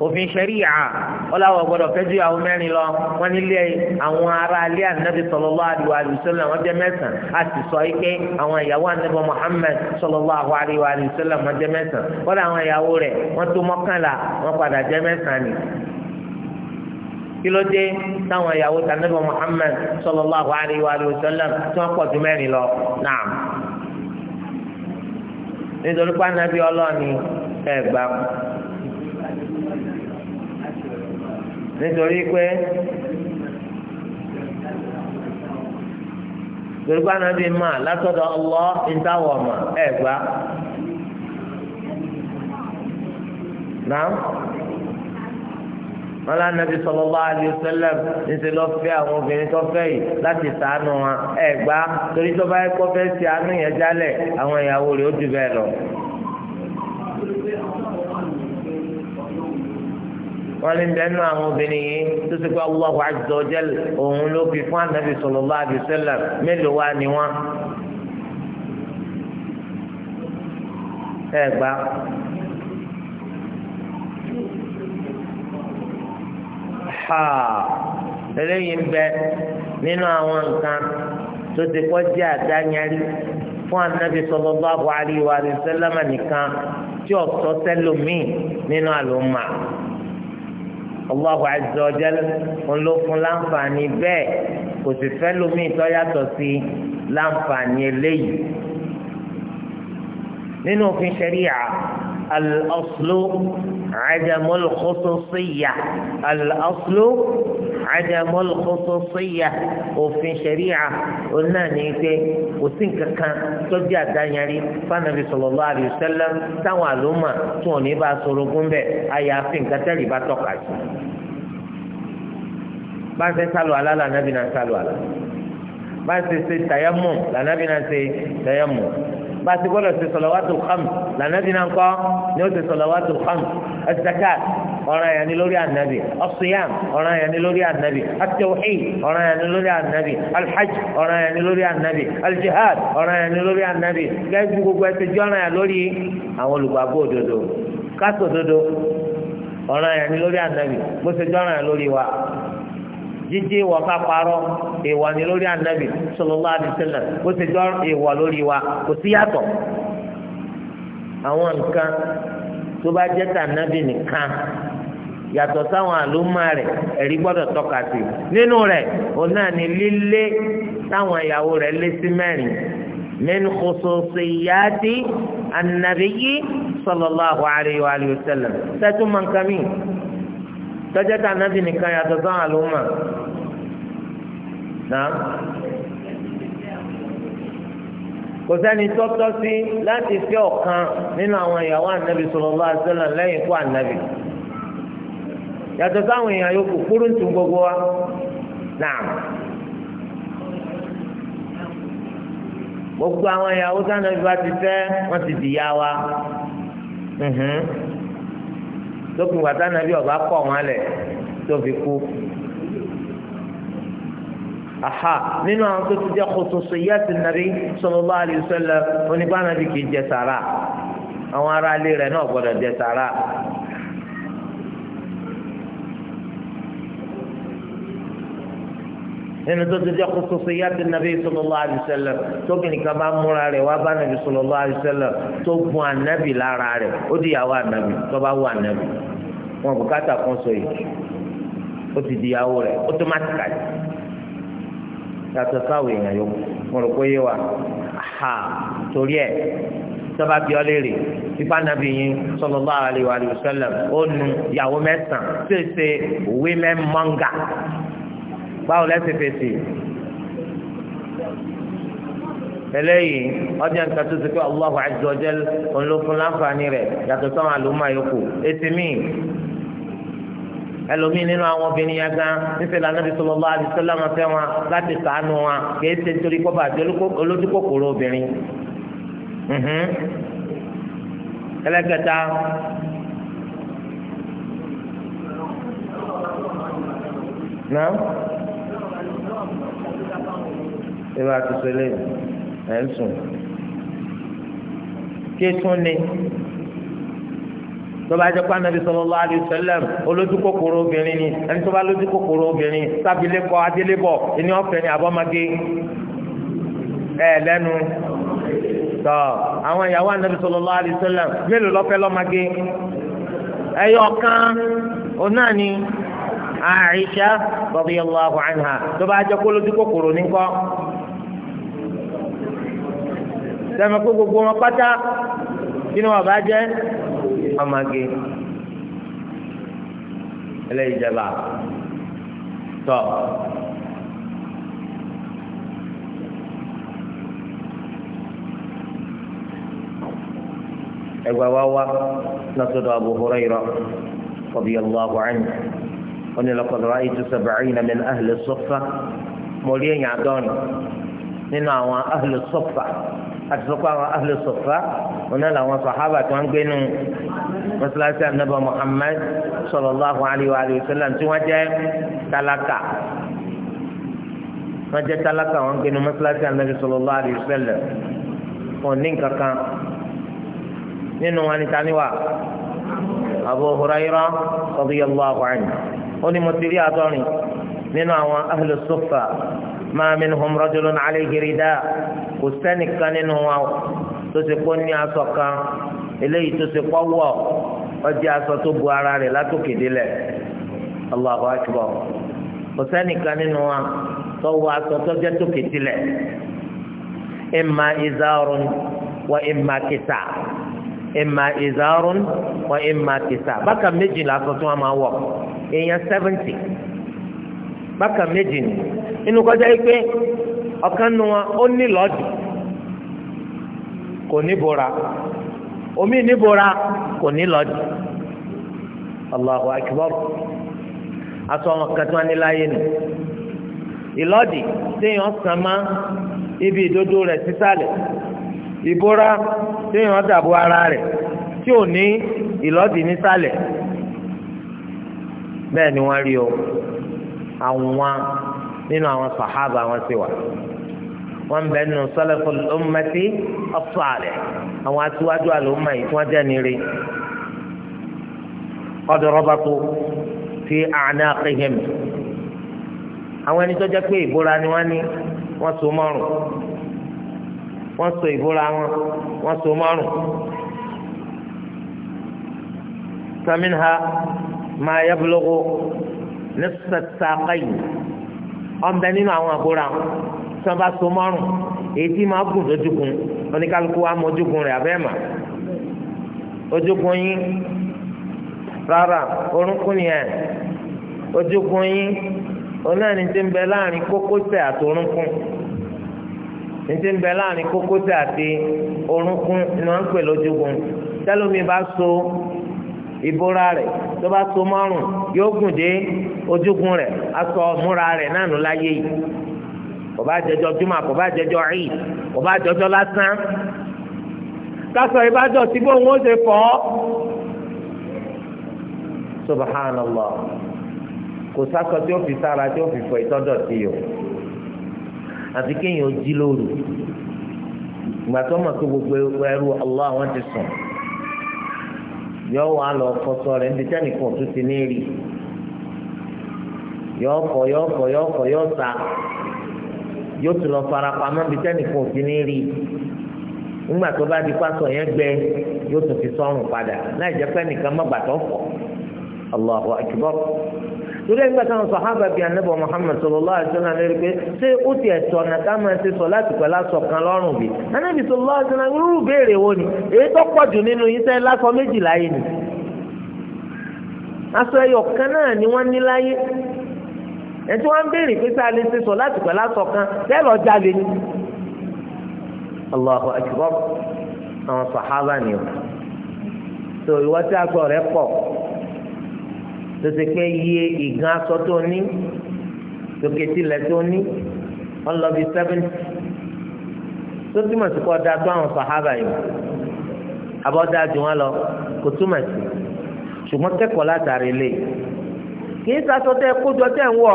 òfin ṣẹ̀ríyà ọláwọ̀ gbọ́dọ̀ fẹ́jú ìyàwó mẹ́rin lọ wọ́n nílé àwọn ará alẹ́ ànábì sallallahu alaihi wa sallam wọ́n jẹ́ mẹ́sàn-án a sì sọ pé àwọn ìyàwó ànábì Muhammad sallallahu alaihi wa sallam wọ́n jẹ́ mẹ́sàn-án wọ́n dà àwọn ìyàwó rẹ̀ wọ́n tó mọ́kànlá wọ́n padà jẹ́ mẹ́sàn-án ni kí ló dé táwọn ìyàwó tànàbí Muhammad sallallahu alayhi wa sallam tí wọ́n pọ̀ ju mẹ́rin lọ náà nítorí pé anabi ọlọ́ọ̀ni ẹ̀ gbà nítorí pé torí pé anabi mà látọ̀dọ̀ ọlọ́ ìdáwọ̀ mà ẹ̀ gbà náà wọn lá nàbí sallallahu alaihi wasallam níṣẹ́ lọ fẹ́ àwọn obìnrin tó fẹ́ yìí láti sàánú wọn ẹ gbá torí tó bá yẹ kó fẹ́ ṣe àánú yẹn jálẹ̀ àwọn ìyàwó rẹ̀ ó ju bẹ́ẹ̀ lọ. wọ́n ní bẹ́ẹ̀ nù àwọn obìnrin yìí tó ti pé Allahu azza wa òun ló fi fún ànábì sallallahu alaihi mélòó wá ni wọ́n. ẹ ha eléyìí ń bẹ nínú àwọn nǹkan tó ti kọ́ jẹ́ àdáyẹrí fún anabi sallallahu alaihi wa sallam nìkan tí ọ̀tọ́ sẹ́lòmíì nínú àlùmà. Allahu azza wa jalla ń ló láǹfààní bẹ́ẹ̀ kò sì fẹ́ lómi tó sí láǹfààní eléyìí. nínú òfin ṣẹ̀ríyà الأصل عدم الخصوصية الأصل عدم الخصوصية وفي شريعة قلنا نيكي وسنك كان تجي الدنياري فالنبي صلى الله عليه وسلم تنوى لما توني باسولوكم بي أيا سنك تلي باتوكاش bá ṣe sálọ àlá lànàbì náà sálọ àlá bá ṣe ṣe bá a ti gbọ́dọ̀ ṣe salawatul khams lànàbí náà kọ́ ni ó ṣe salawatul khams az-zakat ọ̀ràn yẹn ni lórí ànábì as-siyam ọ̀ràn yẹn ni lórí ànábì at-tawhid ọ̀ràn yẹn ni lórí ànábì al-hajj ọ̀ràn yẹn ni lórí ànábì al-jihad ọ̀ràn yẹn ni lórí ànábì gẹ́gẹ́ bí gbogbo ẹsẹ̀ jọ́ràn yẹn lórí àwọn olùgbàgbọ́ òdodo kásòdodo ọ̀ràn yẹn ni lórí ànábì bó ṣe jọ́ràn yẹn lórí wa jíjí ìwọ ká parọ́ ìwọ ni lórí ànábì sallallahu alaihi wasallam bó ti jọ ìwọ lórí wa kò sí yàtọ̀ àwọn nǹkan tó bá jẹ́ tànábì nìkan yàtọ̀ sáwọn àlùmọ́ rẹ̀ ẹ̀rí gbọ́dọ̀ tọ́ka sí nínú rẹ̀ òun náà ni lílé táwọn ìyàwó rẹ̀ lé sí mẹ́rin min khususiyati annabiyyi sallallahu alayhi wa sallam tẹ́tù mọ̀nkàmí tọ́jọ́ tá ànábì nìkan yàtọ̀ sáwọn àlùmọ̀ náà kò sẹ́ni tọ́tọ́ sí láti fẹ́ ọ̀kan nínú àwọn ìyàwó ànábì sallallahu alaihi wasallam lẹ́yìn ikú ànábì yàtọ̀ sáwọn èèyàn yòókù kúrú ń tún gbogbo wa náà gbogbo àwọn ìyàwó sáwọn ànábì bá ti fẹ́ wọ́n ti dìyà wa tókùn gbàtà nàbí ọba kọ̀ wọn lẹ̀ tó kú. aha nínú àwọn tó ti jẹ́ kótó so yíyá ti nàbí sallallahu alaihi wasallam onígbà nàbí kì í jẹ sàrà àwọn ará ilé náà gbọ́dọ̀ jẹ sàrà. nínú tó ti jẹ́ khususiyyati nàbí sallallahu alaihi wasallam tóbìnrin kan bá múra rẹ̀ wá bá nàbí sallallahu alaihi wasallam tó gun ànábì lára rẹ̀ ó di ìyàwó ànábì tó bá wọ ànábì wọn bùkátà kan sọ yìí ó ti di ìyàwó rẹ̀ automatically yàtọ̀ sáwọ èèyàn yòókù mo rò pé yé wa ha torí ẹ̀ sọba bí ọ léèrè ipa nàbí yín sallallahu alaihi wasallam ó nu ìyàwó mẹ́sàn-án báwo lẹ́sẹ̀ fèsì eléyìí ọjà nǹkan tó ti pé Allahu azza wa jal òun ló fún láǹfààní rẹ̀ yàtọ̀ sọ́wọ́n àlùmọ́ àyòkù etí míì ẹlòmíì nínú àwọn obìnrin yẹn gan níṣẹ́ la Nabi sallallahu alaihi wasallam fẹ́ wọn láti sàánú wọn kìí ṣe nítorí kọ́ba àti olójúkòkòrò obìnrin mhm. ẹlẹ́kẹta. náà ṣé a ti ṣe léyìn ẹ̀ ń sùn kí tún ni tọba jẹ pé anabi sallallahu alaihi wasallam olójú kòkòrò obìnrin ni ẹni tó lójú kòkòrò obìnrin sábìlẹkọ adélébọ ẹni ọfẹ ni abọmọge ẹ lẹnu tọ àwọn ìyàwó anabi mélòó lọfẹ lọmọge ẹyọ kan tọba jẹ kòkòrò sẹ́mi kó gbogbo wọn pátá kí ni wọn bá jẹ́ ọmọge ẹlẹ́yìí jẹba tọ́. ẹgbẹ́ wa wá lọ́sọ̀dọ̀ Abu Hurairah radiyallahu anhu wọn ni laqad ra'aytu sab'ina min ahli as-saffa mọ̀lẹ́yìn àdọ́rin nínú àwọn ahli as àti sọ́kọ́ àwọn ahlu sọ̀fà ọ̀nà làwọn sọ̀hábà tí wọ́n ń gbénu mọ́sálásí ànábà Muhammad sallallahu alayhi wa sallam tí wọ́n jẹ́ tálákà wọ́n jẹ́ tálákà wọ́n gbénu mọ́sálásí ànábì sallallahu alayhi wa sallam wọ́n ní kankan nínú wọn ni taniwa Abu Hurairah radiyallahu anhu ó ní mo ti rí àtọ́rin nínú àwọn ahlu sọ̀fà ma minhum rajulun alayhi rida. kò sẹ́nìkan nínú wa tó ní aṣọ kan eléyìí tó wọ̀ ọjọ́ aṣọ tó bu ara rẹ̀ látòkè délẹ̀ kò sẹ́nìkan nínú wa tó wọ aṣọ tó jẹ́ tòkè délẹ̀ imma izarun wa imma kisa imma izarun wa imma kisa bákan méjì lásán tí wọ́n máa wọ̀ èèyàn seventy bákan méjì nínú kọjá yìí pé ọ̀kan nu wọn ó ní lọ́ọ̀dì kò ní bora omi ní bora kò ní Allahu tí téèyàn sàn má ibi ìdodo rẹ̀ sísàlẹ̀ ìbora téèyàn dàbò ara rẹ̀ tí ò ní ìlọ́ọ̀dì nísàlẹ̀ bẹ́ẹ̀ ni wọ́n rí o nínú àwọn sàhábà wọn wọn bẹ nù salaful ummati as-salih àwọn atiwájú àlùmọ yìí tí wọn jẹ nírí qad rabatu fi a'naqihim àwọn ẹni tó jẹ pé ìbora ni wọn ní wọn so mọ́rùn wọn so ìbora wọn wọn so mọ́rùn faminha ma yablughu nisfa as-saqayn ọmọdé nínú àwọn àbúrò àwọn tí wọ́n bá so mọ́rùn èyí tí máa gùn lójúkun oníkálukú wa mọ ojúkun rẹ̀ abẹ́ mà ojúkun yín rárá orúnkún yẹn ojúkun yín onáàní ti ń bẹ láàrin kókósẹ̀ àti orúnkún ní ti ń bẹ láàrin kókósẹ̀ àti orúnkún ni wọ́n ń pè lójúkun tẹ́lómi bá so ìbora rẹ̀ tó bá so márùn yóò gùn dé ojúkun rẹ̀ aṣọ múra rẹ̀ náà láyé yìí kò bá jẹjọ jùmọ̀ kò bá jẹjọ rí kò bá jọjọ lásán kásọ ìbájọ tí bóun ó ṣe fọ́ subhanallah kò sásọ tí ó fi sára tí ó fi fọ ìtọ́jọ sí o àti kéèyàn ó jí lóru ìgbà tó mọ̀ pé gbogbo ẹrú Allah àwọn ti sùn yọ wà lọ fọṣọ rẹ̀ níbi tẹ́nìkan tó ti ní rí yọ ọkọ̀ yọ ọkọ̀ yọ ọkọ̀ yọ ọ̀sà yóò tún lọ fara pamọ́ bí tẹ́nìkan ò ti ní rí i nígbà tó bá di pásọ yẹn gbẹ yóò tún fi sọ́run padà láì jẹ́ pé nìkan má gbàtọ́ fọ̀ Allahu akbar torí ẹgbẹ́ táwọn sọ̀hábà bíi anábọ̀ Muhammad sallallahu alaihi wasallam lórí pé ṣé ó ti ẹ̀tọ́ ọ̀nà ká máa ṣe sọ láti pẹ̀lú aṣọ kan lọ́rùn bí anábì sallallahu alaihi wasallam irú béèrè wo ni èyí tó pọ̀ jù nínú yín sẹ́ lásọ méjìlá yìí ni aṣọ ẹyọ kan náà ni wọ́n ní láyé ẹtí wọn béèrè pé sáà lè ṣe sọ láti pẹ̀lú asọ̀kan tẹ́lọ̀ jáde ni. Allahu akbar àwọn sàhábà ni o tó ìwọ tí aṣọ rẹ pọ̀ tó ṣe pé iye ìgàn aṣọ tó ní tòkètìlẹ̀ tó ní ọlọ́bi seventy tó túmọ̀ sí kọ́ da tó àwọn sàhábà yìí abọ́dá ju wọn lọ kò túmọ̀ sí ṣùgbọ́n kẹ́kọ̀ọ́ látàrí lè. kì í sasọ tẹ kójọ tẹ ń wọ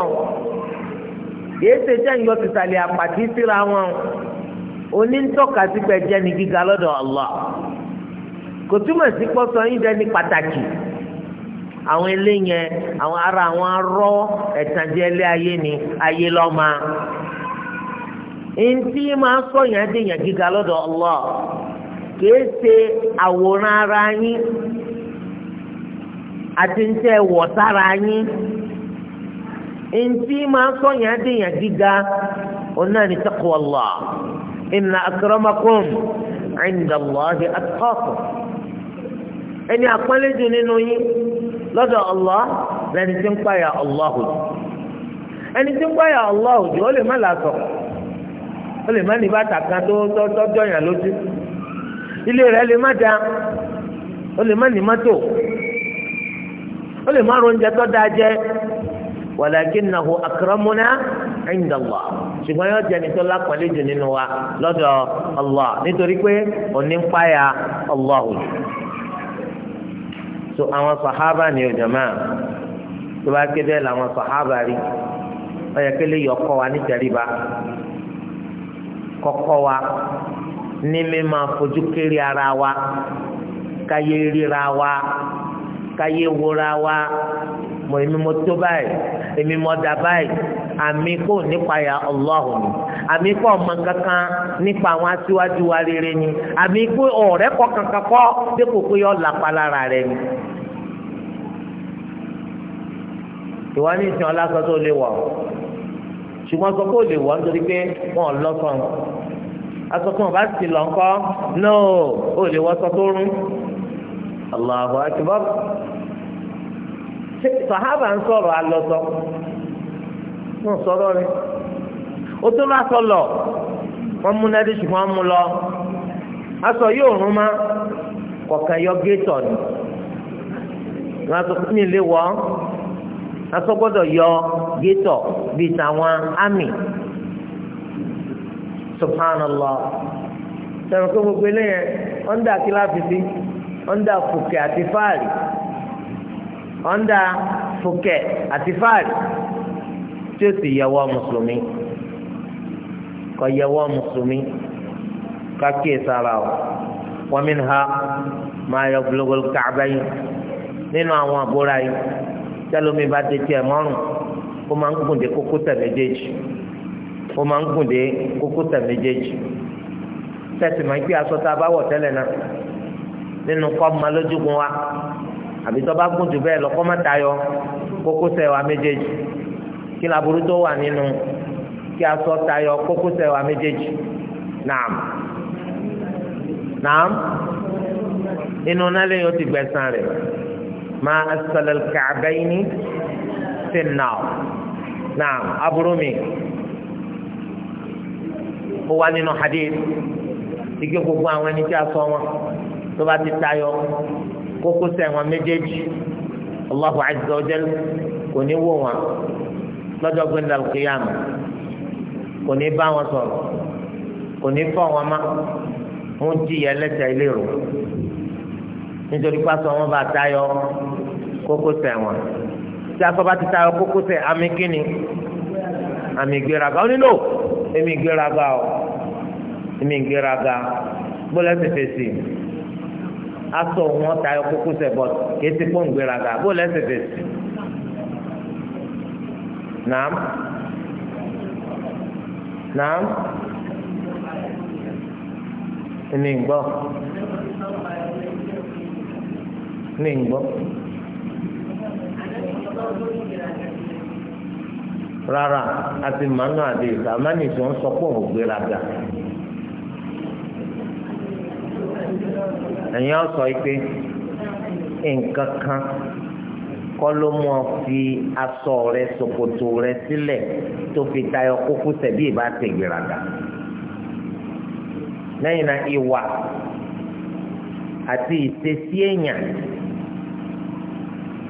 kì í ṣe tẹ ń yọ tìsàlẹ̀ àpàtì síra wọn onítọ́ka sí pé jẹ́ ní gíga lọ́dọ̀ kò túmọ̀ sí pọ́sọ yín ní ara arọ ayé ni ayé lọ́mọ ntí máa sọ yẹn dé yẹn gíga lọ́dọ̀ kì í àti ntẹ́ wọ̀ sára yín ntí máa sọ̀yìn adéyàn gíga ọ̀nà ya taqwallah inna akramakum inda Allahi atqakum ẹni àpọ́nlẹ́jù nínú yín Allah lẹni tí ń pààyà Allahu jù ẹni tí ń pààyà Allahu jù ó lè má làásọ̀ ó lè má ní bàtà kan tó tó jọyàn lójú ilé rẹ̀ lè má ó lè má ní ó lè má ro oúnjẹ tó dáa jẹ walakinnahu akramuna inda Allah ṣùgbọ́n yóò jẹ́ nítorí lápẹ́lẹ́ jù nínú wa lọ́dọ̀ Allah nítorí pé òní ń páyà Allah ò so àwọn sàhábà ni ò jàmá tó bá ké làwọn sàhábà rí ó yẹ yọ kọ́ wa nítẹríba kọ́kọ́ wa ní mímọ́ fojú kéré ara wa káyé ríra wa káyé wora wa mọ èmi mo tó báyìí èmi mo dà báyìí àmì kò nípa ya Allahu ni àmì kò ọmọ kankan nípa àwọn aṣíwájú wa rere ni àmì kò ọ̀rẹ́ kọ kankan kọ́ dépò pé yọ làpá lára rẹ ni. ìwà ní ìsìn ọlásọ tó lè wọ̀ ṣùgbọ́n sọ pé ó lè wọ̀ nítorí pé wọn ò lọ́sàn aṣọ tó wọn bá sì lọ náà ó lè wọ́ sọ tó rún. Allahu akbar sàhábà ń sọ̀rọ̀ alọ́sọ wọ́n sọ̀rọ̀ rẹ̀ ó tó bá sọ lọ wọ́n mú náà ṣùgbọ́n mú lọ aṣọ yóò rún mọ́ kọ̀ọ̀kan yọ géètọ̀ ni wọ́n aṣọ mi lè wọ́ aṣọ gbọ́dọ̀ yọ bíi tàwọn àmì subhanallah sọ̀rọ̀ gbogbo eléyẹn dà kí ọ̀ndà fòkè àti fáàrí ọ̀ndà fòkè àti fáàrí tí ó sì yẹwọ́ mùsùlùmí kọ́ yẹwọ́ mùsùlùmí kákìí sára o wa minha ma yablughu al-ka'bayn nínú àwọn àbúrò ayé tẹ́lómi bá tètè ẹ̀ mọ́rùn ó máa ń gùn dé kókósẹ̀ méjèèjì ó máa ń gùn dé kókósẹ̀ méjèèjì tẹ̀sí máa ń gbé aṣọ tá a bá wọ̀ tẹ́lẹ̀ náà nínú kọ́mọ lójúgun wa àbí tó bá gùn jù bẹ́ẹ̀ lọ kọ́mọ tayọ kókósẹ̀ wa méjèèjì kí laburú tó wà nínú kí aṣọ tayọ kókósẹ̀ wa méjèèjì naam naam inú nálẹ̀ yóò ti gbẹ̀sán rẹ̀ ma asalal ka'bayni fi nnaw naam aburú mi ó wà nínú hadith ike gbogbo àwọn ẹni tí a sọ wọn tó bá ti tayọ kókósẹ̀ wọn méjèèjì Allahu azza wa jal kò ní wò wọn lọ́jọ́ gbẹ̀ndà kìyàmù kò ní bá wọn sọ̀rọ̀ kò ní fọ́ wọn má wọn jìyà ẹlẹ́sẹ̀ ilé rò nítorí pásọ wọn bá tayọ kókósẹ̀ wọn tí a sọ bá ti tayọ kókósẹ̀ àmì kíni àmì ìgbéraga ó nílò èmi ìgbéraga ó èmi ìgbéraga gbọ́dọ̀ ti fèsì aṣọ wọn tayọ kókó sẹbọ kéésì pọ́n gbéraga bó lẹ́sẹ̀ fèsì nàám nàám ní gbọ́ ní gbọ́ rara àti màánù àdéhùn àmánìsọ̀ ń sọ pé òun gbéraga. ẹ̀yin ọ̀sọ̀ ìpè nǹkan kan kọ́ ló mú ọ fi aṣọ rẹ ṣòkòtò rẹ sílẹ̀ tó fi tayọ kókó tẹ̀bí ìbá tẹ̀gbìràgà lẹ́yìn náà ìwà àti ìṣesí èèyàn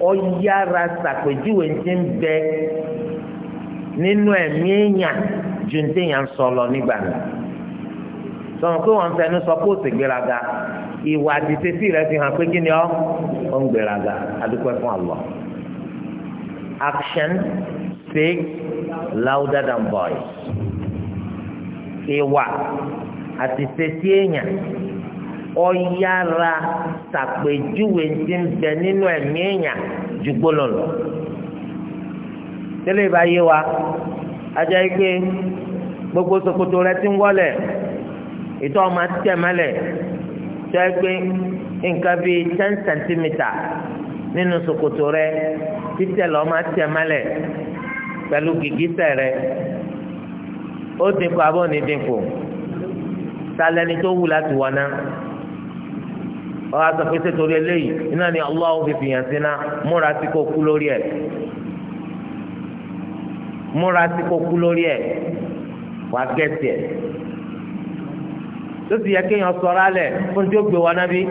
ó yára ṣàpèjúwe ti ń bẹ nínú ẹ̀mí èèyàn ju ní téèyàn sọ lọ nígbà náà sọ̀rọ̀ pé wọ́n ń fẹnu sọ pé ó ṣègbéraga ìwà àti ìṣesí rẹ fi hàn pé kí ni ọ ń gbéraga adúpẹ́ fún Allah action speak louder than voice ìwà àti ìṣesí èèyàn ó yára ṣàpèjúwe tí ń bẹ nínú ẹ̀mí èèyàn ju gbólọ̀ lọ tẹ́lẹ̀ bá yé wa ajá yìí gbogbo ṣòkòtò rẹ ti ń wọlẹ̀ ìtọ́ ọmọ àti tẹ̀ mọ́lẹ̀. tó ẹ pé nǹkan bíi ten centimetre nínú ṣòkòtò rẹ títẹ̀ lọ́ máa tẹ̀ mọ́lẹ̀ pẹ̀lú gìgísẹ̀ rẹ ó dínkù abọ́ ní dínkù tó wù láti wọ̀ náà ọ a sọ pé eléyìí iná ni Allah fi fìyàn síná múra sí kó kú lórí ẹ̀ múra sí ló sì yẹ kéèyàn sọ̀rọ̀ alẹ̀ fún tí ó gbé wọn nábí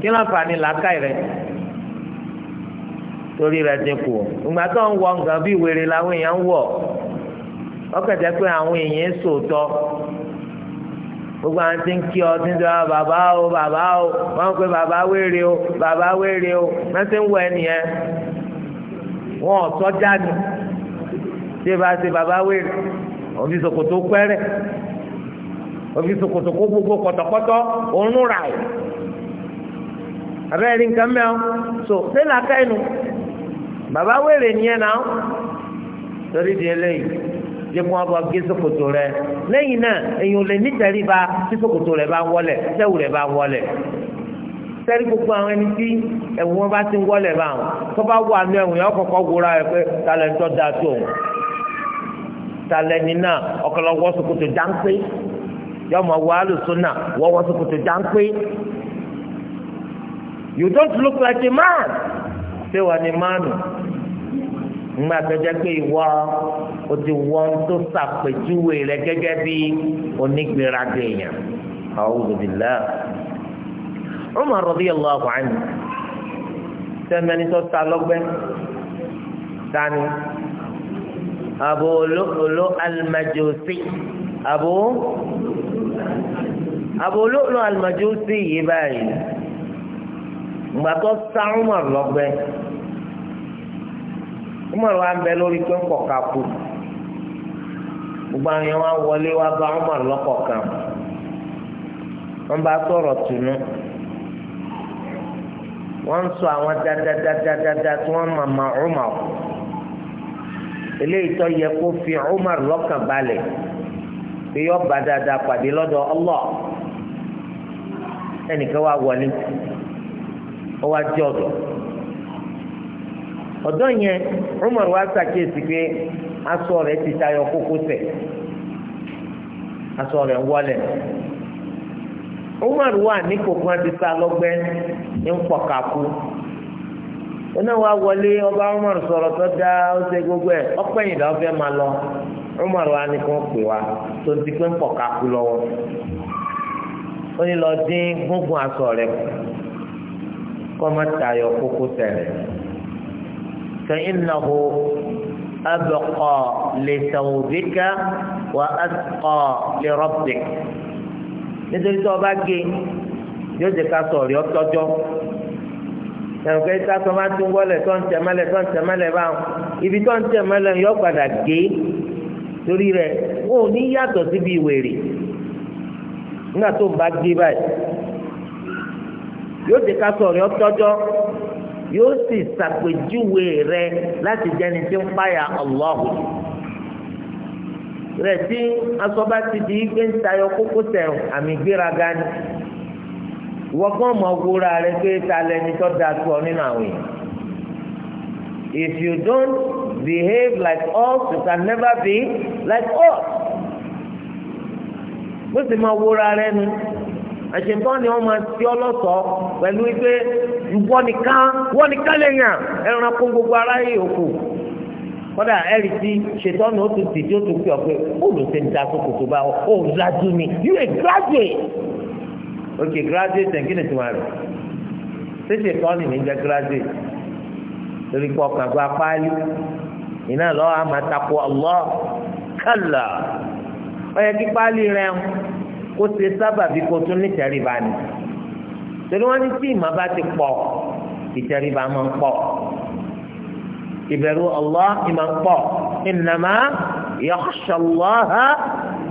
kí ló ń fa ni làákàyè rẹ̀ torí rẹ̀ dínkù ìgbà tó ń wọ nǹkan bí wèrè làwọn èèyàn ń wọ̀ ọkẹtẹ pé àwọn èèyàn sòótọ́ gbogbo àwọn tí ń kí ọ tí ń sọ ah, bàbá o bàbá o wọn pe bàbá wéré o bàbá wéré o wọn ti ń wọ ẹnìyẹn wọn ò sọ jáde tí ẹ bá ṣe bàbá wéré òun fi ṣòkòtò òfi ṣòkòtò kó gbogbo kọ̀tọ̀kọ̀tọ̀ òun rà ẹ̀ abẹ́rẹ́ ní nǹkan mẹ́ọ́ so sẹ́là káyìnù bàbá wèrè nìyẹn náà torí di eléyìí jẹ́ kó wọ́n bá gé ṣòkòtò rẹ lẹ́yìn náà èyàn ò lè nítẹ̀rí ba tí ṣòkòtò rẹ bá wọlé sẹ́wù rẹ bá wọlé sẹ́rí gbogbo àwọn ẹni tí ẹ̀wù wọn bá ti ń wọlé bá wọn tó bá wà ní ẹ̀wù yẹn ọkọ̀ọ̀kọ̀ wúra ẹ̀ pé talẹ̀ ń tọ́ da tó talẹ̀ nínà ọ̀kọ̀lọ̀ wọ́ ṣòkòtò dáńpé yọ ọmọ wọ alùsùnà wọ wọ you don't look like a man ṣé wà ní mánu ńgbà tó jẹ́ pé ìwọ o ti wọ́n tó ṣàpèjúwe rẹ gẹ́gẹ́ bí onígbèrágè èèyàn a'udhu billah Umar radiyallahu anhu sẹ́mẹ́ni tó ta lọ́gbẹ́ tani Abu Lu'lu' al-Majusi Abu Abu Lu'lu al-Majusi yìí báyìí ìgbà tó sá Umar wa bẹ lórí pé ń kú gbogbo àwọn yẹn wá wọlé wá bá Umar lọ́kọ̀ọ̀kan wọ́n bá sọ̀rọ̀ tùnú wọ́n sọ àwọn dáadáadáadáa tí wọ́n máa ma Umar eléyìí tó yẹ kó fi yọ ẹnìkan wá wọlé ọ wá jẹ ọ̀dọ́ ọ̀dọ́ yẹn Umar wá ṣàkíyèsí pé aṣọ rẹ̀ ti tayọ kókósẹ̀ aṣọ rẹ̀ ń ní kòkó àti ń wa wọlé ọba Umar sọ̀rọ̀ tó dá ó ṣe gbogbo dá máa lọ ní pè wá tó ti pé ń ó ní lọ dín gúngún aṣọ rẹ̀ kọ́ má tayọ kókó tẹ̀lẹ̀ sẹ́yìn náà hó abẹ́kọ̀ lè sàwọn òbí ká wà á kọ̀ lè rọ́bì nítorí tí wọ́n bá gé yóò jẹ́ ká sọ̀rí ọ́tọ́jọ́ ẹ̀rù pé sásọ máa tún wọlé tó ń tẹ̀ mọ́lẹ̀ tó ń tẹ̀ mọ́lẹ̀ báwọn ibi tó ń tẹ̀ mọ́lẹ̀ yóò padà gé torí rẹ̀ ó ní yàtọ̀ síbi ìwèrè. Si nígbà tó ń bá gbé báyìí yóò ti ká sọ̀rọ̀ yọ tọ́jọ́ yóò sì ṣàpèjúwe rẹ láti jẹni tí ń páyà ọlọ́hùn rẹ tí asọ́ba ti di igbe ń tayọ kókó sẹ̀rùn àmì gbéraga ni wọ́gbọ́n mọ̀ wúra rẹ pé ta lẹni tó da tó ọ nínú àwìn if you don't behave like us you can never be like us bó sì máa wóra rẹ nu àṣetán ni wọn máa ti ọlọ́sọ̀ọ́ pẹ̀lú pé ìwọ nìkan wọ́n nìkan lè yàn ẹran kó gbogbo ara yìí òkú kódà ẹ̀rì tí ṣetán ni ó ti tì tí ó ti pè ọ́ pé ó lò ṣe ń da sókò tó bá ọ làjú ni you a graduate ok graduate ẹ̀ kí ni tiwọn rẹ̀ ṣé ṣetán ni mi jẹ́ graduate torí pé ọkàn gba páálí iná lọ́wọ́ àmàtakò Allah kàlà ó yẹ kí páálí rẹ̀ ń kó ṣe sábàbí kó tún ní tẹríba ni torí wọn ní tí ìmọ̀ bá ti pọ̀ ìtẹríba máa ń pọ̀ ìbẹ̀rù Allah ìmọ̀ ń pọ̀ innama yakhsha Allaha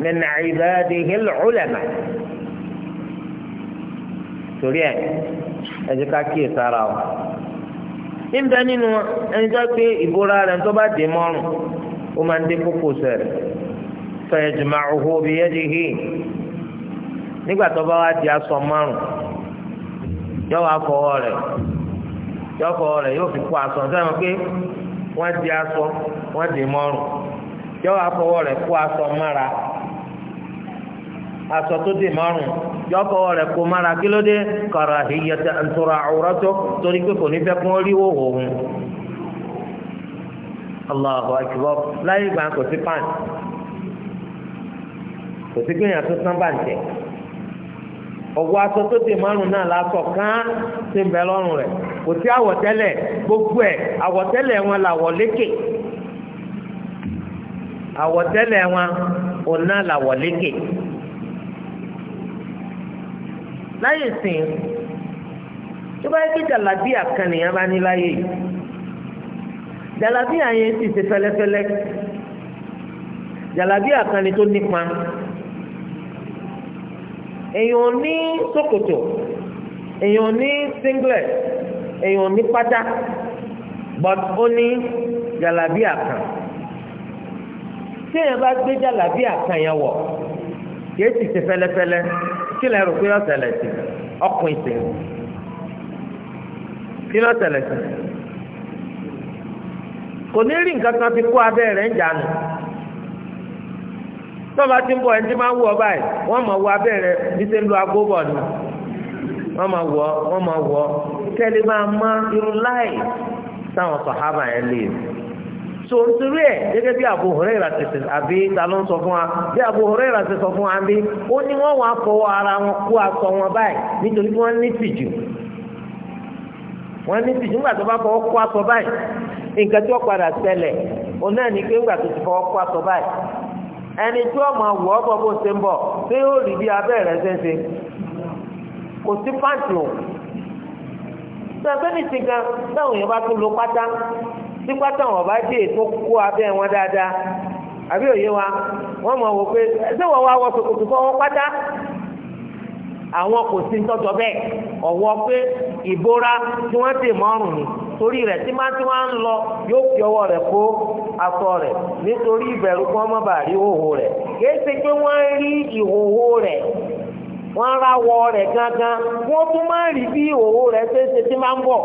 min ibadihi al-ulama torí ẹ ẹ jẹ́ ká kíyè sára o níbẹ̀ nínú ẹni tó pé ìbora rẹ̀ tó bá dé mọ́rùn ó máa ń dé kókó sẹ̀rẹ̀ fa yajma'uhu biyadihi. nígbà tó bá wá di aṣọ márùn yọ wá fọwọ́ rẹ̀ yọ fọwọ́ rẹ yóò fi kó aṣọ pé wọ́n di aṣọ wọ́n di márùn yọ wá fọwọ́ rẹ̀ kó aṣọ mára aṣọ tó di yọ kó mára kí ló dé Allahu láyé ìgbà kò sí pàǹtì kò sí ọ̀wọ́ aṣọ tó ti márùn náà lásọ kán ti ń bẹ lọ́rùn rẹ̀ kò sí àwọ̀tẹ́lẹ̀ gbogbo ẹ̀ àwọ̀tẹ́lẹ̀ wọn làwọ̀ lékè àwọ̀tẹ́lẹ̀ wọn òun náà làwọ̀ lékè láyé sìn tó bá yẹ kí jàlábíà kan nìyẹn bá ní láyé yìí jàlábíà yẹn sì ṣe fẹ́lẹ́fẹ́lẹ́ jàlábíà kan ni tó nípa. èèyàn ní sokoto èèyàn ní singlet èèyàn ní pata but ó ní jàlábíà kan tí bá gbé jàlábíà kan yẹn wọ, kìí sì ṣe fẹ́lẹ́fẹ́lẹ́ kí lè rò pé ọ̀sẹ̀lẹ̀ sí ọkùnrin sí kí lè ọ̀sẹ̀lẹ̀ kò ní rí nǹkan kan fi tọ́ba ti ń bọ̀ ẹni tí máa ń wọ báyìí wọ́n máa wọ abẹ́rẹ́ bí ṣe ń lo agbó ni wọ́n máa wọ wọ́n máa kẹ́lẹ́ máa irun láì sọ̀hábà yẹn lè so nítorí ẹ gẹ́gẹ́ bí Abu Hurairah ti sẹ àbí ta sọ fún wa bí Abu sọ fún wa bí ó ní ara wọn kó aṣọ wọn báyìí nítorí ní tìjú ẹni tí ọmọ wù ọ́ bọ́ bó ṣe ń bọ̀ abe yóò rí bí abẹ́ rẹ̀ kò sí pàǹtì o ṣé ti gan bá tún lo pátá tí pátá wọn bá dé tó kó abẹ́ wọn dáadáa àbí òye wa wọ́n mọ̀ wò pé ṣé wọ́n wá wọ ṣòkòtò pátá àwọn kò sí tọ́jọ́ bẹ́ẹ̀ ọ̀wọ́ pé ìbora tí wọ́n dè mọ́rùn ni torí rẹ̀ tí máa tí wọ́n ń lọ yóò fi ọwọ́ rẹ̀ kó aṣọ rẹ̀ nítorí ìbẹ̀rù kí wọ́n má bàa rí ìhòhò rẹ̀ kìí ṣe pé wọ́n rí ìhòhò rẹ̀ wọ́n ráwọ rẹ̀ gangan wọ́n tún máa rí bí ìhòhò rẹ̀ ṣe ṣe tí máa ń bọ̀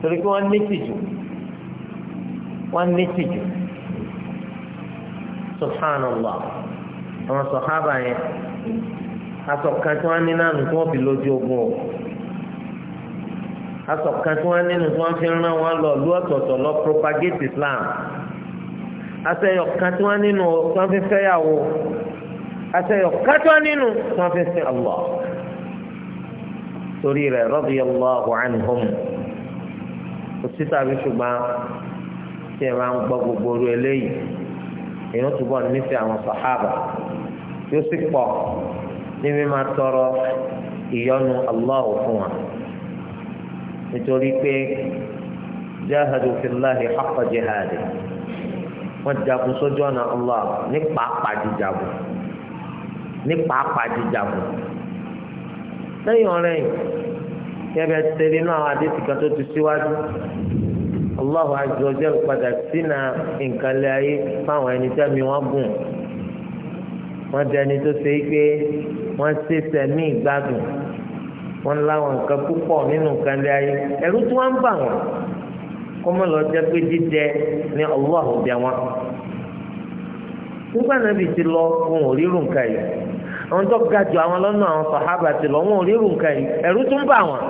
torí pé wọ́n ní tìjú wọ́n ní tìjú subhanallah àwọn sọ̀hábà yẹn aṣọ kan tí wọ́n ní náà nù tí wọ́n fi lójú ogun o aṣọ kan tí wọ́n ní nù tí wọ́n fi rán wọn lọ lú ọ̀tọ̀ọ̀tọ̀ lọ propagate Islam aṣọ ẹyọ tí wọ́n nínú tí wọ́n fi fẹ́yàwó aṣọ tí wọ́n nínú tí wọ́n fi sin Allah torí rẹ̀ radiyallahu anhum kò sí tàbí ṣùgbọ́n tí ẹ máa ń gbọ́ gbogbo orí eléyìí èèyàn túbọ̀ nífẹ̀ẹ́ àwọn sàhábà yóò sì pọ̀ níbi máa tọrọ ìyọ́nú Allah fún wa nítorí pé jahadu fillahi haqqa jihadi wọ́n jagun sójú ọ̀nà Allah ní pàápàá jíjagun ní pàápàá jíjagun lẹ́yìn ọ̀rẹ́ yìí kẹ́bẹ̀ tẹ̀lé náà àwọn àdéhùn kan tó ti síwájú Allah azza wa padà sínà nǹkan ayé fáwọn ẹni tẹ́mi wọ́n gùn wọ́n dẹni tó ṣe é pé wọ́n ṣe tẹ̀mí ìgbádùn wọ́n láwọn nǹkan púpọ̀ nínú nǹkan lé ayé ẹ̀rú tí wọ́n ń bà wọ́n kọ́mọ́ lọ jẹ́ pé jíjẹ ní Allah jẹ wọn. nígbà náà bìí ti lọ wọn ò rí rùn kàyí àwọn tó ga jù àwọn lọ́nà àwọn sàhábà ti lọ wọn ò rí rùn kàyí ẹ̀rú tún bà wọ́n.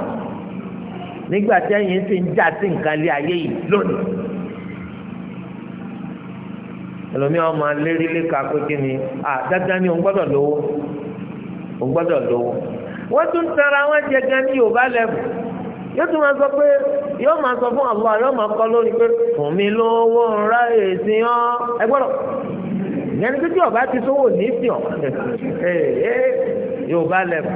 nígbà tí ẹ̀yin ti ń jà sí nǹkan lé ayé yìí lónìí. ẹlòmíràn máa lérí léka pé kí ni dáadáa ni òun gbọ́dọ̀ lówó o gbọ́dọ̀ lówó wọ́n tún tara wọn jẹ gan ní yorùbá lẹ́bù yóò tún máa sọ pé yóò máa sọ fún Allah yóò máa kọ lórí pé fún mi lówó ńlá èsì hàn ẹ gbọ́dọ̀ ìyẹn ní pípé ọba ti sówó ní ìsìn yorùbá lẹ́bù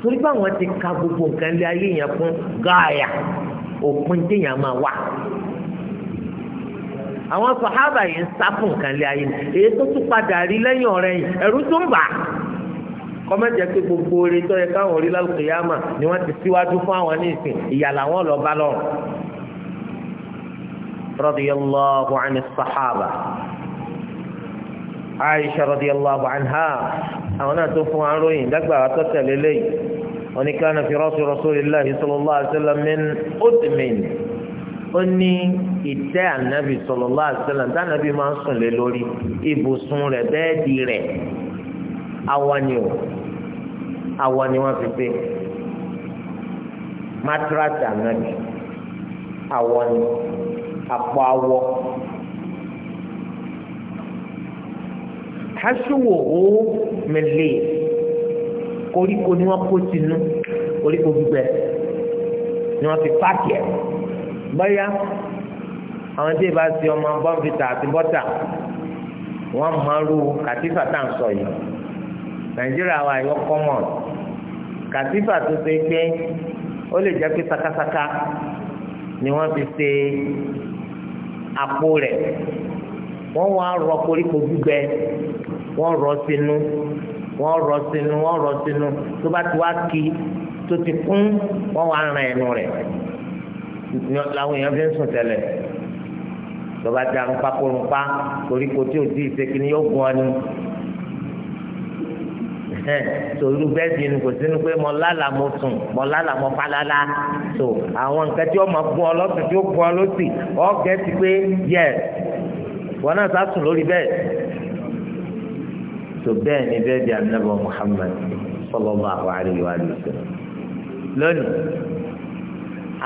torí báwọn ti ka gbogbo nǹkan lé ayé yẹn fún gáàyà òpin téèyàn máa wà àwọn sọ̀hábà yìí ń sáfún nǹkan lé ayé èyí tó tún padà rí lẹ́yìn ọ̀rẹ́ yìí ẹ̀rú tó ń bà kọ́mẹ́jẹ pé gbogbo orin tó yẹ káwọn orí lálùkò yá mà ni wọ́n ti síwájú fún àwọn ní ìsìn ìyà làwọn lọ bá lọ́rùn. radiyallahu anhi sahaba aisha radiyallahu anha àwọn náà tó fún aróyìn dágbàá tó tẹ̀lé lẹ́yìn oníkanna fi rọ́ọ̀sì ìtẹ́ ànábì sallallahu alaihi wasallam tànábì máa ń sùn lé lórí ibùsùn rẹ̀ bẹ́ẹ̀dì rẹ̀ awọ ni o awọ ni wọ́n fi pé matrasi ànábì awọ ni àpò awọ. hasuwo o mele koríko ni wọ́n kó sínú koríko gbígbẹ ni wọ́n fi páàkì ẹ báyà àwọn tí ìbá ti ọmọ bọ́ǹfìtà àti bọ́tà wọ́n máa ru kàtífà tá à ń sọ yìí nàìjíríà wa yọ kọ́mọ̀n kàtífà tó ṣe pé ó lè jẹ́ pé sakasaka ni wọ́n fi ṣe àpò rẹ̀ wọ́n wá rọ koríko gbígbẹ wọ́n rọ sínú wọ́n rọ sínú wọ́n rọ sínú tó bá ti wá kí tó ti kún wọ́n wá ran ẹnu rẹ̀ làwọn èèyàn fi ń sùn tẹ́lẹ̀ tọba darun pakórunpa koríko tí o ti ìsekìní yóò gun ọ ni torí bẹ́ẹ̀ di ni kò sínú pé mo lálà mo sùn mo lálà mo falala so àwọn nǹkan tí ó máa gun ọ lọ́sùn tí ó gun ọ lọ́sì ọ gẹ̀ẹ́sì pé yẹ wọn náà sá sùn lórí bẹ́ẹ̀ so bẹ́ẹ̀ ni bẹ́ẹ̀ di anábọ̀ Muhammad sallallahu alaihi wa sallam lónìí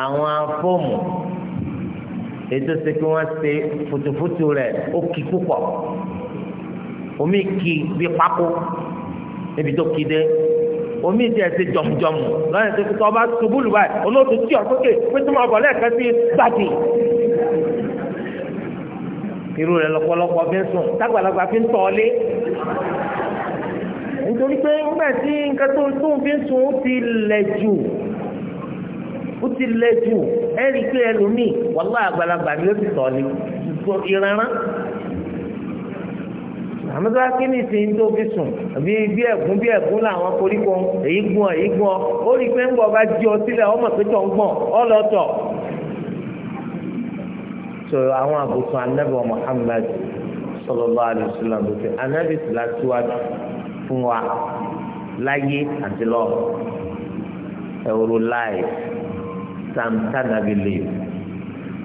àwọn fóòmù ètò ṣe kí wọ́n ṣe fùtùfùtù rẹ̀ ó kí púpọ̀ omi kí bí pákó níbi tó kí dé omi tí ẹ ṣe jọmujọmu lọ́yìn tó kí tọ́ba ṣubúlù báyìí olóòtú tí ọ̀ sókè pé tí wọ́n bọ̀ lẹ́ẹ̀kan sí gbàdì irú rẹ̀ lọ́pọ̀lọpọ̀ fi ń sùn tágbàlagbà fi ń tọ́lé nítorí pé nígbà tí nǹkan tó ń fi ń sùn ó ti lẹ̀ jù ó ti lé jù ẹ rí i pé ẹlòmíì wàhálà àgbàlagbà ni ó ti tọ̀ ni ìrànràn àmọ́tọ́ akíní ti ń tó fi sùn àbí bí ẹ̀gún bí ẹ̀gún làwọn koríko èyí gbọ́n èyí gbọ́n ó rí i pé ń bọ̀ bá jí ọ sílẹ̀ ọmọ pé tọ̀ ń gbọ̀n ọ lọ tọ̀. sọ àwọn àbùsùn anábì Muhammad sallallahu alaihi wasallam fi anábì sì láṣíwájú fún wa láyé àti lọ ẹ̀rọ láì sàǹtà nàbí lè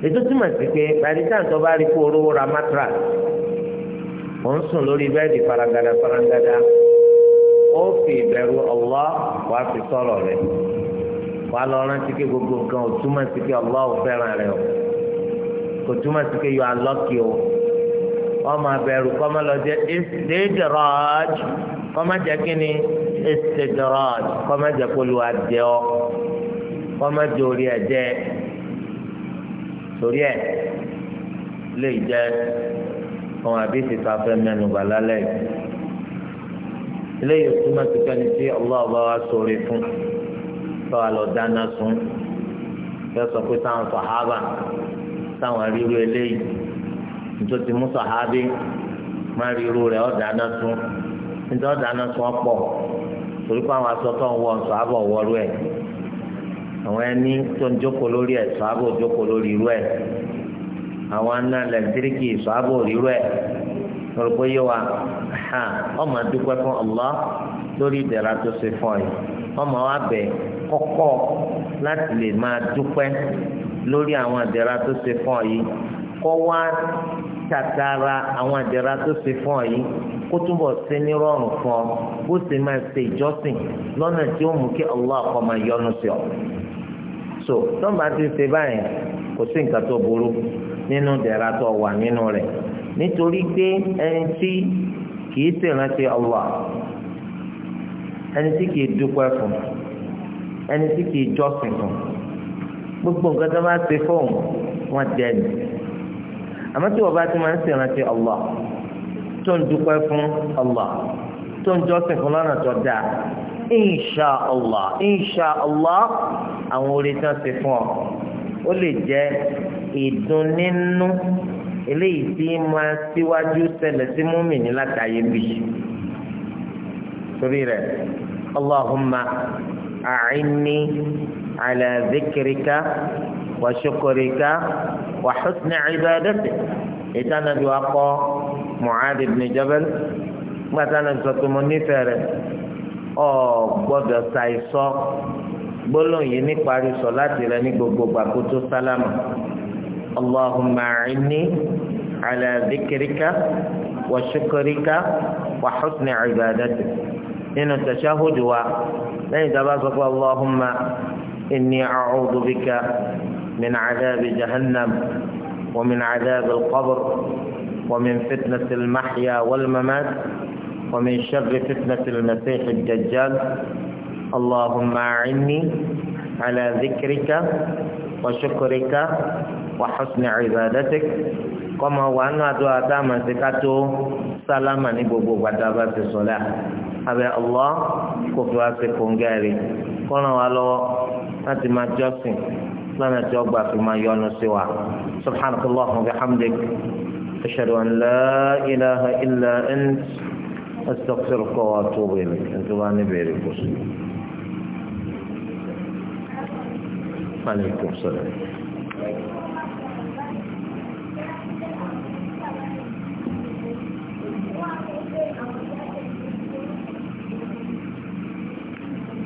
ètò túmọ̀ sí pé pàdétàn tó bá rí kó rówó ra mátra ó ń sùn lórí bẹ́ẹ̀dì faragada faragada ó fi ìbẹ̀rù Allah wàá fi sọ̀rọ̀ rẹ̀ wàá lọ rántí pé gbogbo nǹkan ò túmọ̀ sí pé Allah ò fẹ́ràn rẹ̀ o kò túmọ̀ sí pé yọ alọ́kì o ọmọ abẹ́rù kọ́mọ lọ jẹ́ istidraj kọ́mọ jẹ́ kí ni ọ. wọ́n jẹ orí ẹ jẹ torí ẹ lè jẹ àwọn àdéhìí tá a fẹ́ mẹ́nu bà lálẹ́ yìí túmọ̀ sí ní tí ọlọ́ọ̀bá fún báwa lọ dáná sun fẹ́ sọ pé táwọn sàhábà táwọn ríru eléyìí nítorí ti mú sàhábì má ríru rẹ̀ ọ̀ dáná sun nítorí ọ̀ dáná sun torí pé àwọn asọ́tọ̀ ń wọ̀ sàhábà ọ̀wọ́rú ẹ̀. àwọn ẹni tó ń jókòó lórí ẹ̀ sọ́ábò jókòó lórí irú ẹ̀ àwọn aná lẹ́ńtíríkì sọ́ábò rírú ẹ̀ lọ́rùkọ́ yé wa ọmọ dúpẹ́ fún Allah lórí ìdẹ̀ra tó ṣe fún ẹ ọmọ wa bẹ̀ kọ́kọ́ láti lè máa dúpẹ́ lórí àwọn ìdẹ̀ra tó ṣe fún ọ yìí kọ́ wá tàtàrà àwọn àdẹ̀rà tó ṣe fún ọ yìí kó túbọ̀ ṣe ní rọrùn fún ọ bó ṣe máa ṣe ìjọsìn lọ́nà tí ó mú kí Allah kó máa yọ́nú sí ọ. so tọ́ba ti ṣe báyìí kò sí nǹkan tó burú nínú dẹ̀ra tó wà nínú rẹ̀ nítorí pé ẹni tí kìí ṣèrántí Allah ẹni tí kìí dúpẹ́ fún ẹni tí kìí jọ́sìn fún gbogbo nǹkan tó bá ṣe fóun wọ́n jẹ́ ni àmọ́ tí wọ́n bá ti máa ń ṣèrántí Allah tó ń dúpẹ́ fún Allah tó ń jọ́sìn fún lọ́nà tó dáa insha Allah insha Allah àwọn orí tán ti fún ọ ó lè jẹ́ ìdùnnínú eléyìí tí máa síwájú ṣẹlẹ̀ sí múmìnì látàyè bì torí rẹ̀ Allahumma a'inni ala wa shukrika wa husni ibadatik ètò anabi wa kọ Mu'adh ibn Jabal gbàtà anabi sọ pé mo nífẹ̀ẹ́ rẹ̀ ọ gbọ́dọ̀ ta ìsọ gbólóhùn yìí níparí sọ láti rẹ ní gbogbo gbàkótó sálámà allahumma a'inni ala dhikrika wa shukrika wa husni ibadatik nínú tashahudu wa lẹ́yìn tí a bá sọ pé allahumma inni a'udhu bika. من عذاب جهنم ومن عذاب القبر ومن فتنة المحيا والممات ومن شر فتنة المسيح الدجال اللهم أعني على ذكرك وشكرك وحسن عبادتك كما وأنا أدعى من سكاتو سلاما نبوبو في الصلاة أبي الله كفوا سكونغاري كنا ولو أتما جوسين lọ́nà tí ọgbà fi máa yọ́nú sí wa subhanakallah wa bihamdik ashhadu an la ilaha illa ant astaghfiruka wa atubu ilayk ẹ̀ńtí wàá ní bèrè kù sí. aleykum salaam.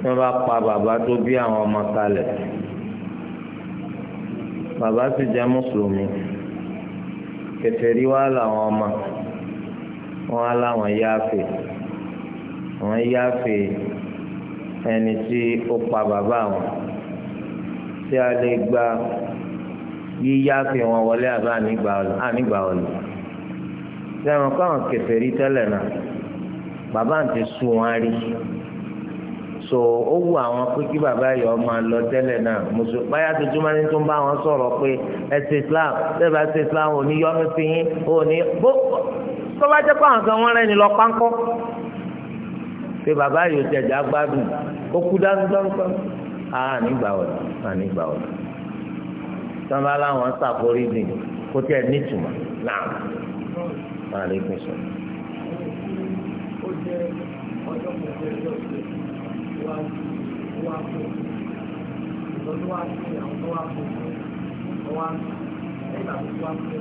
wọ́n bá pa bàbá tó bí àwọn ọmọ kalẹ̀. bàbá sì jẹ́ mùsùlùmí kèfèrí wa làwọn ọmọ wọn á láwọn yááfè wọn yááfè ẹni tí ó pa bàbá wọn tí a lè gba yíyááfè wọn wọlé àbá ànígbà ọ̀lù sẹ́wọ̀n káwọn kèfèrí tẹ́lẹ̀ náà bàbá ti sùn wọn rí so ó wù àwọn pé kí bàbá yìí ọmọ lọ tẹ́lẹ̀ náà mùsùlùmí báyà tuntun máa ń tún bá wọn sọ̀rọ̀ pé ẹsẹ̀ islam lẹ́ẹ̀bà ẹsẹ̀ islam ò ní yọ́nú sí yín ò ní bó tó bá jẹ́ pé àwọn kan wọ́n rẹ́ ni lọ pánkọ́ pé bàbá yìí ò jẹ̀jà gbádùn ó kú dánú dánúkọ́ àá nígbà wọ̀lẹ̀ àá nígbà wọ̀lẹ̀ sanba láwọn sàkórí dì kó tẹ̀ nítumọ̀ náà. Wa alaikum salaam. olúwa sí àwọn tó wá fún ọwá nígbà tó wá fún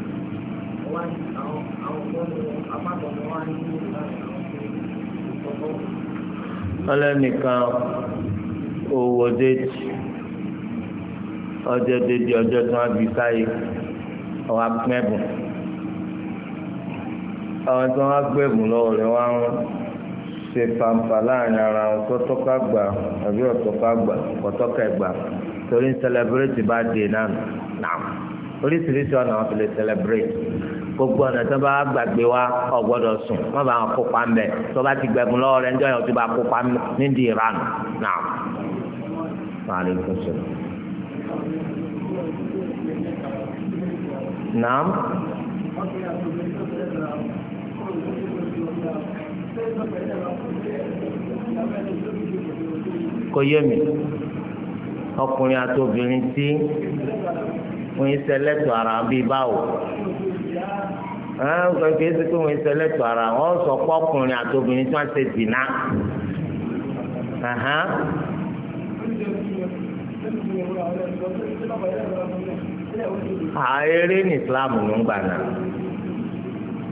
ọwá ní àwọn àwọn ọmọ apákan wá ní ìlú láti àwọn tó kọ́kọ́. ọlẹ́nìkan owó déjì ọjọ́ dédé ọjọ́ tí wọ́n bí sáyé ọ̀wá pẹ́bùn àwọn tí wọ́n gbẹ̀bùn lọ́wọ́ rẹ̀ wá ń ṣe fàǹfà láàrin ara wọn tó tọ́ka gbà àbí ọ̀tọ́ka gbà ọ̀tọ́ka ẹ̀gbà torí ń sẹlẹbírétì bá dé náà náà oríṣiríṣi ọ̀nà wọn fi lè sẹlẹbírétì gbogbo ọ̀nà tó bá gbàgbé wa ò gbọ́dọ̀ sùn má bàa wọn kópa ń bẹ̀ tó bá ti gbẹ̀bùn lọ́wọ́ rẹ̀ ńjọ́ yẹn tó bá kópa nídìí ìran náà. Naam. Kò yé Koyemi. ọkùnrin àtòbìnrin tí wọ́n ń sẹlẹ̀tọ̀ ara bíi báwo ẹ̀ẹ́n kò kí ẹsẹ̀ pé wọ́n ń sẹlẹ̀tọ̀ ara wọ́n sọ pé ọkùnrin àtòbìnrin tí wọ́n ṣe dìná ààrẹ ní Islam ló ń gbà náà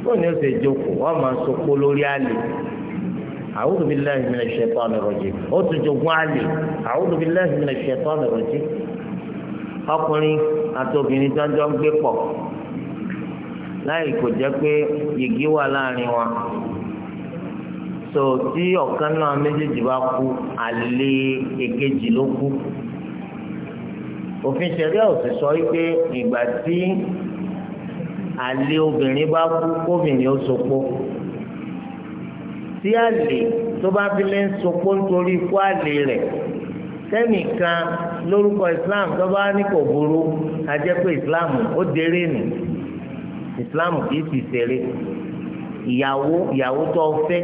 ó ní ó ṣe jókòó máa sọ pé lórí àlè. أعوذ بالله من الشيطان الرجيم أتجو علي أعوذ بالله من الشيطان الرجيم ọkùnrin àti obìnrin tó ń jọ ń gbé pọ̀ láì kò jẹ́ pé yìgì wà láàrin wa so tí ọ̀kan náà méjèèjì bá kú àlè èkejì ló kú òfin ṣẹ̀ríà ò sọ wípé ìgbà tí àlè obìnrin bá kú kóbìnrin ó sopó. So, sí àlè tó bá fi lè ń sunkún torí ikú àlè rẹ̀ sẹ́nìkan lórúkọ islam tó bá ní kò burú a islam ó déré nù islam kì í sì ṣeré ìyàwó ìyàwó tó fẹ́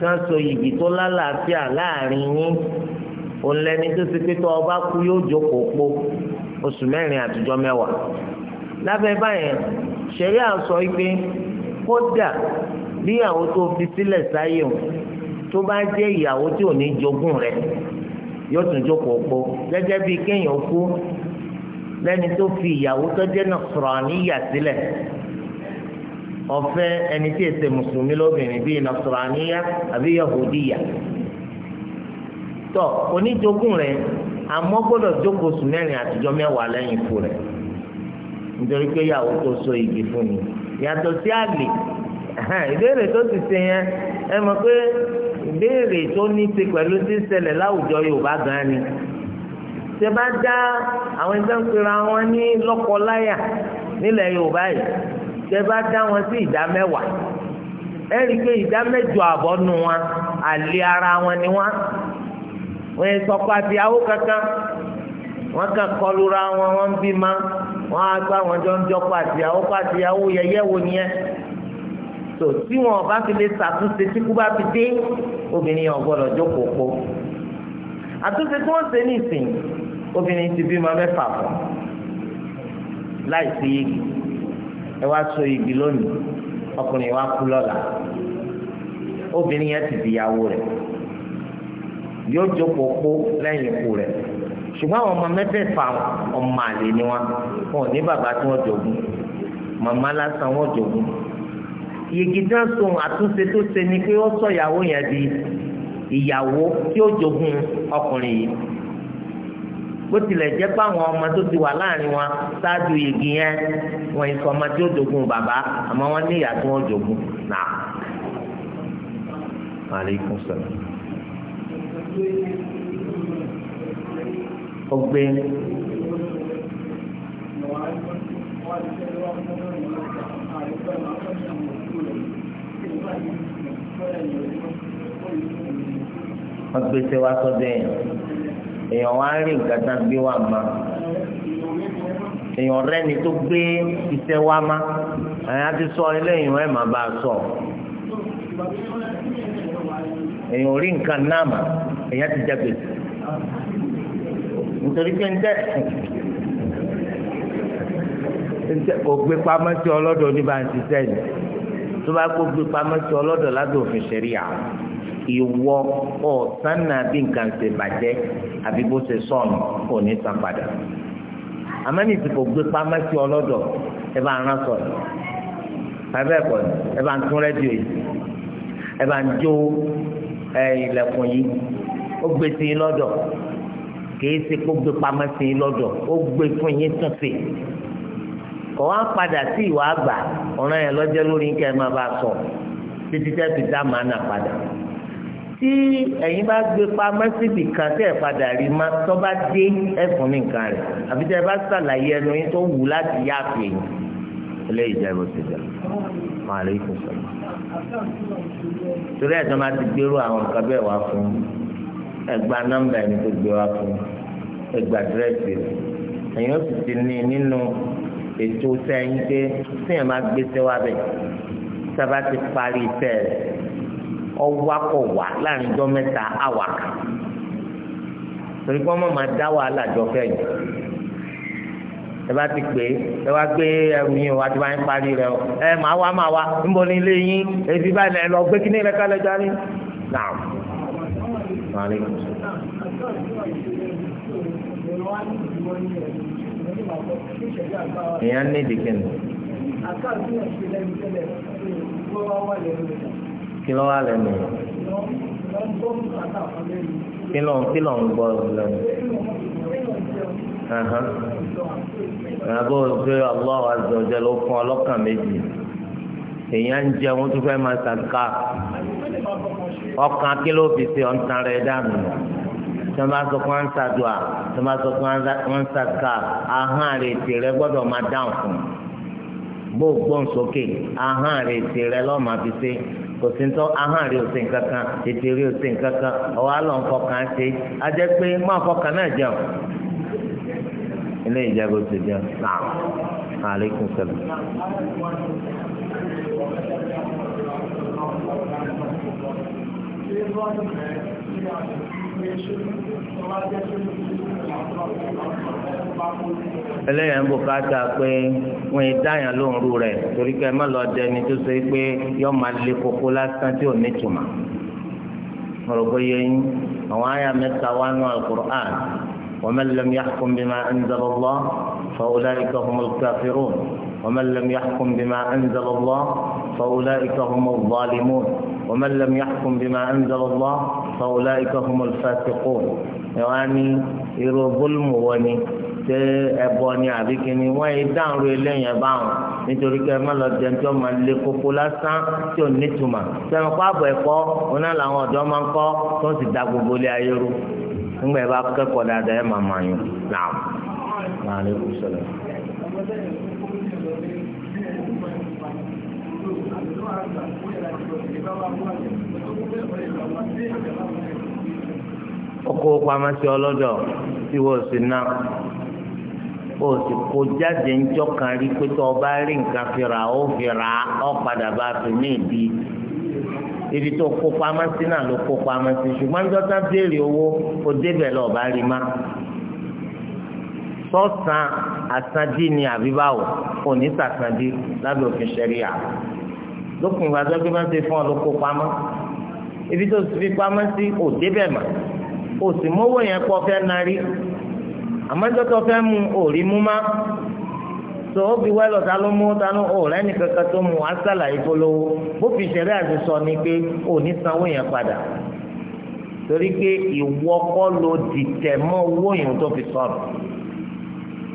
tí wọ́n so yìgì tó lálàáfíà láàrin yín òun lẹni tó ti pé tó ọba kú yóò jókòó po oṣù mẹ́rin àtijọ́ mẹ́wàá lábẹ́ báyẹn ṣẹ̀rí àsọ yìí kódà bí tó fi sílẹ̀ sáyé o tó bá jẹ́ ìyàwó tí ò ní jogún rẹ̀ yóò tún jókòó pọ̀ gẹ́gẹ́ kéèyàn kú lẹ́ni tó fi ìyàwó tó jẹ́ Nasraniya sílẹ̀ ọ̀fẹ́ ẹni tí èsè mùsùlùmí lóbìnrin bíi Nasraniya àbí Yahudiya tọ́ oníjogún rẹ̀ àmọ́ gbọ́dọ̀ jókòó sùn mẹ́rin àtijọ́ mẹ́wàá lẹ́yìn ikú rẹ̀ nítorí pé ìyàwó tó so igi fún mi yàtọ̀ sí àlè. ìbéèrè tó ti ṣe yẹn ẹ mọ̀ pé ìbéèrè tó ní ṣe pẹ̀lú tí ń ṣẹlẹ̀ láwùjọ Yorùbá gan ni ṣe bá dá àwọn ẹgbẹ́ ń pera wọn ní lọ́kọ-láyà nílẹ̀ Yorùbá yìí ṣe bá dá wọn sí ìdá mẹ́wàá ẹ rí i pé ìdá mẹ́jọ àbọ̀ nu wọn àlè ara wọn ni wọn wọn yẹn sọ pé àti kankan wọn kàn kọlura wọn wọn ń bímọ wọn á gbá wọn jọ ń jọ pàtìyàwó pàtìyàwó yẹyẹ wo nìyẹn tó tí wọn bá fi lè ṣàtúnṣe tí kú bá fi dé obìnrin yẹn ọgbọ́dọ̀ jókòó pọ̀ àtúnṣe tí wọ́n ṣe ní ìsìn obìnrin ti bímọ mẹ́fà fún láì sí igi ẹ wá so igi lónìí ọkùnrin wa kú lọ́la obìnrin yẹn ti dìyàwó rẹ̀ yóò jókòó pọ̀ lẹ́yìn ikú rẹ̀ ṣùgbọ́n àwọn ọmọ mẹ́fẹ̀ẹ̀fà ọmọ àlè ni wọn wọn ò ní bàbá tí wọ́n jogún màmá lásán wọ́n jogún yìgì tí wọ́n sùn àtúnṣe tó ṣe ni pé ó sọ ìyàwó yẹn di ìyàwó tí ó jogún ọkùnrin yìí bó tilẹ̀ jẹ́ pé àwọn ọmọ tó ti wà láàrin wọn ṣáájú yìgì yẹn wọ́n ìfọ̀ ọmọ tí ó jogún bàbá àmọ́ wọ́n ní ìyá tí wọ́n jogún náà. Aleykum Ọgbẹ́ wọ́n gbèsè wá sọ́dọ̀ èèyàn èèyàn wá rí nǹkan tá a gbé wà má èèyàn rẹ́ni tó gbé iṣẹ́ wá má àyà ti sọ eléyìí ẹ̀ má bá a sọ èèyàn rí nǹkan náà mà èèyàn ti jẹ gbèsè nítorí pé ń tẹ́ kò gbé pamọ́ sí ọlọ́dọ̀ oníbàǹtí sẹ́yìn tó bá gbógbé pamọ́ sí ọlọ́dọ̀ lábẹ́ òfin ṣẹ̀ríà ìwọ ọ̀sán náà bí nǹkan ṣe bàjẹ́ àbí bó ṣe sọnù kò ní san padà àmọ́ni tí kò gbé pamọ́ sí ọlọ́dọ̀ ẹ bá rán sọ̀rọ̀ abẹ́ ẹ̀kọ́ ẹ bá ń tún rẹ́díò yìí ẹ bá ń jó ilẹ̀kùn yìí ó gbé sí i lọ́dọ̀ kì í ṣe kó gbé pamọ́ sí lọ́dọ̀ ó gbé fún yín tún sí i kọ̀ wá padà sí ìwà àgbà ọ̀ràn yẹn lọ́jọ́ lórí kẹ́ ẹ máa bá a sọ títí tẹ́ fi dá màá nà padà tí ẹ̀yin bá gbé pamọ́ síbi kan tẹ́ ẹ̀ padà rí ma tó bá dé ẹ̀fún ní nǹkan rẹ̀ àbí tẹ́ ẹ bá ṣàlàyé ẹnu yín tó wù láti yá àpè yín eléyìí jẹ́ bó ti jẹ́ wọn àlè kò sọ. torí ẹ̀sán máa ti gbérú àwọn nǹkan bẹ́ẹ̀ wá fún ẹgbà nọ́mbà ẹni tó gbé wá fún ẹgbà dírẹ́sì ẹ̀yin ó sì ti ní nínú ètò sẹ́yìn pé sẹ́yìn máa gbèsè wá bẹ̀ sábà ti parí iṣẹ́ rẹ̀ ọwákọ̀wá láàrin ọjọ́ mẹ́ta àwà kan torí kí wọ́n má máa dá wàhálà jọ fẹ́yìn ẹ bá ti pè é ẹ wá gbé ẹrù yín o àti wáyé parí rẹ o ẹ máa wá máa wá ń bọ ní ilé yín èsì báyìí lọ gbé kíní rẹ kálẹ̀ jáde náà wàhálà èèyàn ní ìdíkẹ́ nù. kí ló wà lẹ́nu rẹ̀ kí ló ń kí ló ń gbọ́ lẹ́nu. àbò pé Allah azza wa jalla ló fún ọlọ́kàn méjì èèyàn ń jẹun tó fẹ́ máa ṣàkà ọkàn kí ló fi ṣe ọ̀ǹtarẹ̀ dànù tó máa sọ pé wọ́n ń ṣàdúà tó máa sọ pé wọ́n ń ṣàkà ahọ́n rẹ̀ tì rẹ gbọ́dọ̀ máa dáhùn fún bó gbọ́n sókè ahọ́n rẹ̀ tì rẹ lọ́ọ́ máa fi ṣe kò sí tó ahọ́n rí òsè nkankan ètè rí òsè nkankan ọ̀wá lọ nfọkàn ṣe ajẹ́ pé má fọkàn náà jẹun ilé ìjẹ́bù ti jẹun náà alaikum salaam. Thank you ẹlẹ́yìn bùkátà pé wọ́n yìí dáyàn lóhùn rú rẹ̀ torí kẹ́ ẹ má lọ dẹni tó ṣe pé yọ máa le koko lásán tí ò ní tùmà mọ̀lọ́gbọ́ yẹn àwọn àyà mẹ́ta wà nù alukur'an wọ́n mẹ́lẹ́m yàtọ̀ bí ma ń zọlọ́lọ́ fọwọ́lá ìkọ̀ fún mọ̀lùkà fẹ́ràn. ومن لم يحكم بما أنزل الله فأولئك هم الظالمون ومن لم يحكم بما أنزل الله فأولئك هم الفاسقون يعني irú bólúmù wọ ni ṣé ẹbọ ni àbí kíni wọn yìí dáhùn eléyìn ẹbá wọn nítorí kẹ má lọ jẹun tí wọn máa lé koko lásán tí ò nítumà sẹnu kó àbọ̀ ẹ̀kọ́ oná làwọn ọ̀dọ́ máa ń kọ́ tó ń sì da gbogbo ilé ayé rú nígbà yẹn bá kẹ́kọ̀ọ́ dáadáa ẹ̀ máa máa yùn náà. Ọkọ pamọ́ sí ọlọ́dọ̀ tí si na o si kó jáde ńjọ́ kan rí pé tó o bá rí nǹkan fi rà ibi tó kó pamọ́ náà ló kó pamọ́ sí ṣùgbọ́n dọ́tà béèrè owó o débẹ̀ lọ́ọ́ bá rí sọ́sàn ni àbíbáwò kò ní sàsandí lábẹ́ òfin lókun ìgbà tó gbé máa ń ṣe fún ọ ló kó pamọ́ ibi tó ti fi pamọ́ sí òde bẹ̀ mà o sì mówó yẹn kọ́ fẹ́ narí àmọ́jọ́ tó fẹ́ mu ò rí mú má tó o fi wá lọ ta ló mú ta ló ò rẹ́ni kankan tó mu asálà ìpolówó bó fi ṣẹ̀rẹ́ àti sọ ni pé ò ní sanwó yẹn padà torí pé ìwọ kọ́ ló dìtẹ̀ mọ́ owó yẹn tó fi sọ̀rọ̀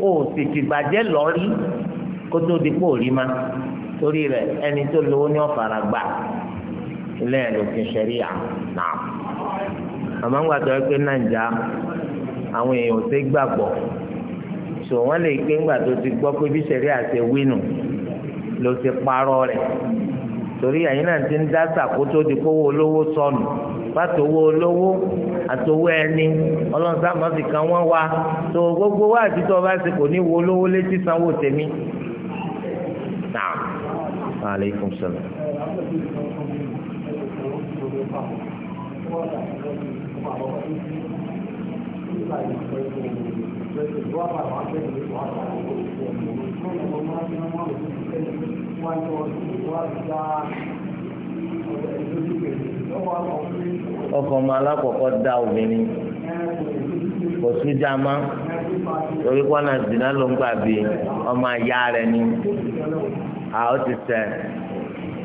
o sì ti bàjẹ́ lọ́rí kó tó di pò rí má torí rẹ̀ ẹni tó lówó ní ọ̀fàrà gbà ilé ẹ̀ lòfin ṣẹ̀ríà náà àmọ́ ńgbà tó yẹ pé nàìjà àwọn èèyàn ò sí gbàgbọ́ sọ wọ́n lè gbé ńgbà tó ti gbọ́ pé bí ṣẹ̀ríà ṣe wínù ló ti parọ́ rẹ̀ torí ẹ̀yin náà ti ń dá sàkótó di kówó olówó sọnù pàtó owó olówó àtowó ẹni ọlọ́sàmọ́sì kan wọ́n wá tó gbogbo wá àti tó ṣe kò ní wo olówó létí sanwó tèmi alaikum salam ọkọ ọmọ alákọ̀ọ́kọ́ dá obìnrin kò sí jama torí kọ́nà zina ló ń gbà bí ọmọ ayá rẹ ni. à ó ti sẹ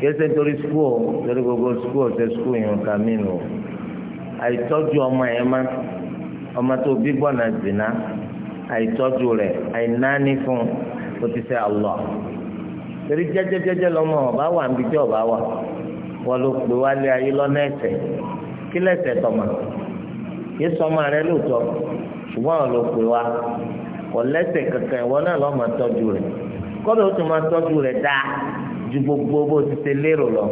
kéésì nítorí skul nítorí gbogbo skul ṣe skul yìí nǹkan mí nù àìtọ́jú ọmọ yẹn má ọmọ tó bí gbọ́nà zìnà àìtọ́jú rẹ̀ àìnáni fún ó ti sẹ Allah torí jẹjẹjẹjẹ lọmọ ọba wà níbi tí ọba wà wọn ló pè wá lé ayé lọ́nà ẹ̀ṣẹ̀ kí lẹ́ṣẹ̀ tọmọ yé sọmọ rẹ lóòótọ́ ṣùgbọ́n wọn ló pè wá kọ lẹ́ṣẹ̀ kankan ìwọ náà lọmọ tọ́jú rẹ̀. kọ́dọ̀ ó tún máa tọ́jú rẹ̀ dáa ju gbogbo bó ti ṣe lérò lọ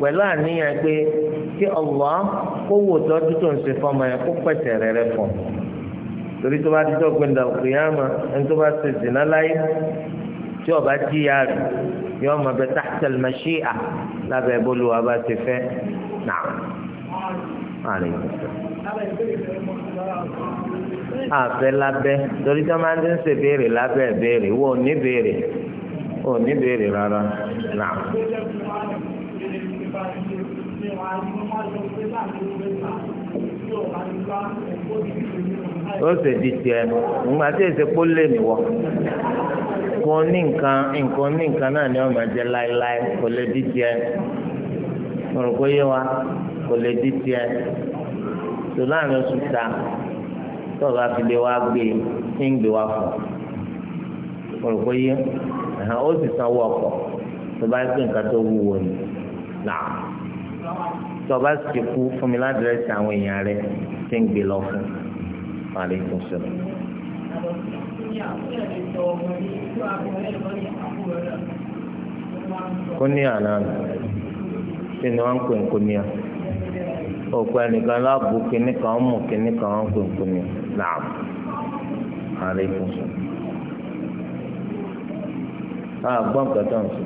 pẹ̀lú àníyàn pé kí Allah kó wò tọ́jú tó ń ṣe fọmọ yẹn kó pẹ̀sẹ̀ rẹ̀ rẹ̀ fọ̀ torí tó bá ti dọ́gbìn dàgbé yá ma ẹni tó bá ṣe zìnà láyé tí ọba jíya rẹ̀ yọ ọmọ bẹ tahtal mashi'a lábẹ́ bólú wa bá ti fẹ́ náà. Afẹ labe, torí tí máa ń ti ń béèrè lábẹ́ béèrè wọ́n ní béèrè ò ní béèrè rárá nà. ó sì di tiẹ̀ ńgbà tí èsì kó lè nìwọ nǹkan ní nǹkan nǹkan ní nǹkan náà ni jẹ láéláé kò lè di tó o bá fi lè wá gbé e ń gbé wá fún ọ mo rò pé yé ó sì sanwó ọkọ̀ tó bá gbé nǹkan tó wúwo ni là tó o bá sì kú fún mi ládìrẹ́sì àwọn èèyàn rẹ tí ń gbé lọ fún wàlẹ́ ìtúnṣe kóníyà náà kí ni ń pè ní kóníyà òkú ẹnìkan láàbù kínní kan mú kínní kan gbòǹgbò ni náà àárẹ̀ fún un. máa gbọ́ nǹkan tó ń sọ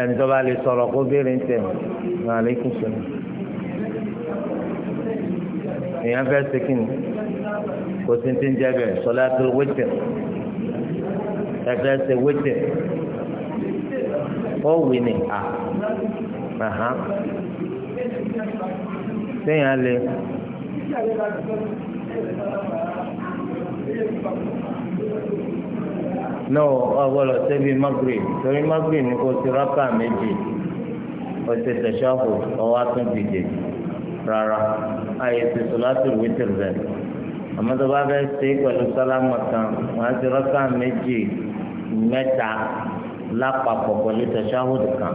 ẹni tó bá lè sọ̀rọ̀ kó béèrè ń tẹ̀ náà àárẹ̀ fún un. èèyàn fẹ́ ṣe kí ni kò sí ti ń jẹ bẹ́ẹ̀ sọlá tó wẹ́tẹ̀ ẹ fẹ́ ṣe wẹ́tẹ̀ ó wì ní à sẹ́yìn alẹ́ náà ọgbọ́dọ̀ sẹ́bi magre torí magre ní kò sí rákà méjì ọ̀sẹ̀ tẹ̀síọ́fù ọwọ́ tún dìde rárá ayé ti sọ̀láṣì wítìrì rẹ̀ àmọ́ tó bá fẹ́ ṣe pẹ̀lú sálámà kan wọ́n á ti rákà méjì mẹ́ta lápapọ̀ pẹ̀lú tẹ̀síọ́fù kan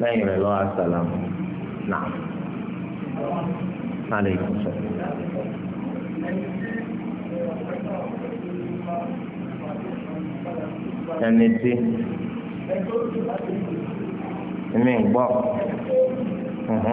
lẹ́yìn rẹ̀ lọ́wọ́ àṣàlámù náà má lè ẹni tí mi ń gbọ́ wọ́n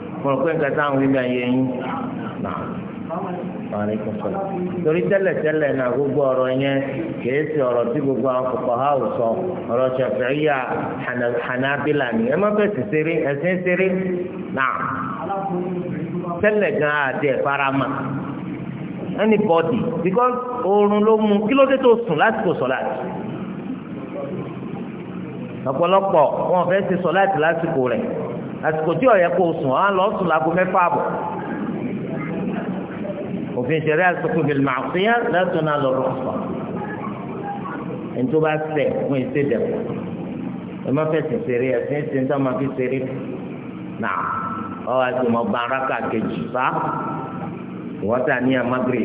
mo rò pé nǹkan táwọn wí bẹ́ẹ̀ yẹ yín náà torí tẹ́lẹ̀tẹ́lẹ̀ náà gbogbo ọ̀rọ̀ yẹn kìí ṣe ọ̀rọ̀ tí gbogbo àwọn kòkò ha ò sọ ọ̀rọ̀ ṣàfẹ́yà ni ẹ má fẹ̀sì ṣeré ẹ̀sìn ṣeré náà tẹ́lẹ̀ gan àti oorun ló mú kí ló dé tó sùn lásìkò ọ̀pọ̀lọpọ̀ wọn fẹ́ ṣe àsìkò tí ó yẹ kó sùn á lọ sùn láago mẹ́fà bọ̀ òfin ìṣẹ̀lẹ̀ àsìkò bìlì màá fi hàn lẹ́tọ̀ọ́ náà lọ́rọ̀ sọ ntoma sẹ fún ẹsẹ dẹkọ ẹ má fẹsẹ ṣeré ẹsẹ ẹsẹ ń tọ́ma fi ṣeré náà ọ àti ọmọ baraka kejì fa wọ́n ta ní amagre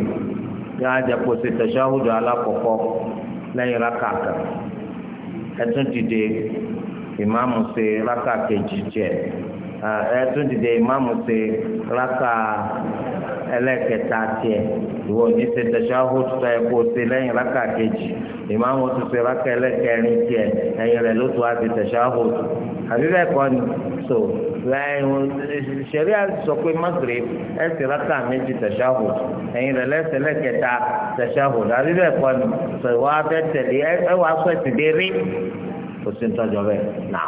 yóò á jẹ kó ṣe tẹ̀síwájú alákọ̀ọ́kọ́ lẹ́yìn raka kan ìmáàmù ṣe rákà kejì jẹ ẹ tún dìde ìmáàmù ṣe rákà ẹlẹ́kẹta tiẹ̀ ìwọ ní ṣe tashahhud tó yẹ kó ṣe lẹ́yìn rákà kejì ìmáàmù tún ṣe rákà ẹlẹ́kẹrin tiẹ̀ ẹ̀yìn rẹ̀ ló tún á ṣe tashahhud àbí bẹ́ẹ̀ kọ́ ni so ṣẹ̀rí sọ pé Maghrib ẹ̀sẹ̀ rákà méjì tashahhud ẹ̀yìn rẹ̀ lẹ́sẹ̀ ẹlẹ́kẹta tashahhud àbí bẹ́ẹ̀ kọ́ ni sọ ẹ̀sìn kò sí nítọ́jọ́ bẹ́ẹ̀ nà.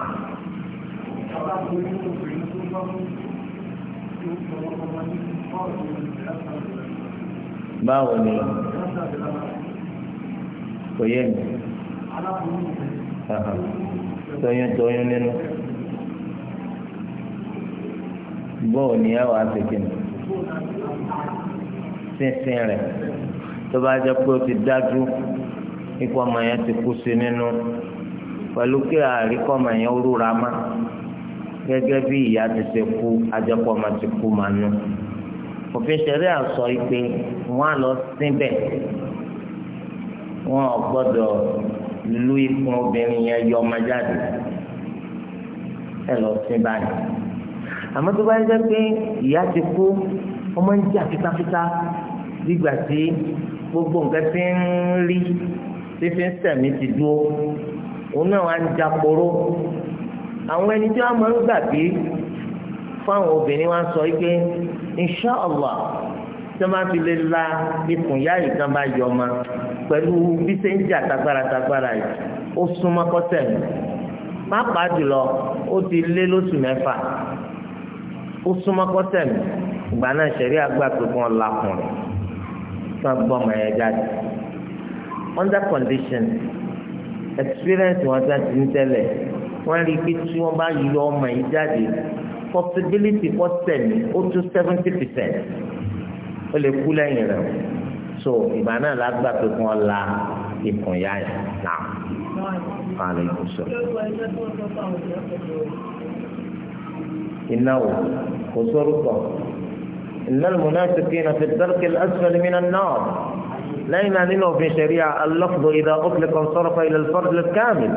báwo ni kò yé mi tóyún tóyún nínú báwo ni ẹ wàá ṣe kíni sínsìn rẹ tó bá jẹ pé ó ti dájú ikú ọmọ yẹn ti kú sí nínú pẹ̀lú kí àríkọ́mọ yẹn rúra má gẹ́gẹ́ bí ìyá ti ṣe kú ajẹ́kọ́mọ ti kú máa nù. òfin ṣẹlẹ̀ àsọ ìpè wọn á lọ síbẹ̀ wọn ò gbọ́dọ̀ lu ikùn obìnrin yẹn yọ ọmọ jáde ẹ lọ sí báyìí. àmọ́ tó bá ń pé ìyá ti kú ọmọ ń jà fitafita nígbà tí gbogbo nǹkan ti ń rí fífi ń sẹ̀mí ti dúró òun náà wà ń jàporó àwọn ẹni tí wọ́n máa ń gbàgbé fáwọn obìnrin wa ń sọ pé insha allah tí wọ́n bá fi lè la ikùn yá yìí kan bá yọ ọmọ pẹ̀lú bí ṣe ń jà tagbára tagbára yìí ó súnmọ́ kọ́tẹ̀ mi pápá jùlọ ó ti lé lóṣù mẹ́fà ó súnmọ́ kọ́tẹ̀ mi ìgbà náà ṣẹ̀rí àgbà pé kí wọ́n lakùn rẹ̀ kí wọ́n gbọ́ jáde under condition experience wọn ti ti ń tẹ́lẹ̀ wọ́n rí i pé tí wọ́n bá yọ ọmọ yìí jáde possibility for sẹ̀mí ó tún seventy percent ó lè kú lẹ́yìn rẹ̀ so ìgbà náà la gbà pé kí wọ́n la ikùn ya yẹn náà àlè kò sọ. ìnáwó kò sórúkọ ìnáwó náà ti kí n àti dárúkẹ́ lásìkò ní mí náà náà lẹ́yìn náà nínú òfin ṣẹ̀ríà al-lafzu idha utliqa insarafa ila al-fard al-kamil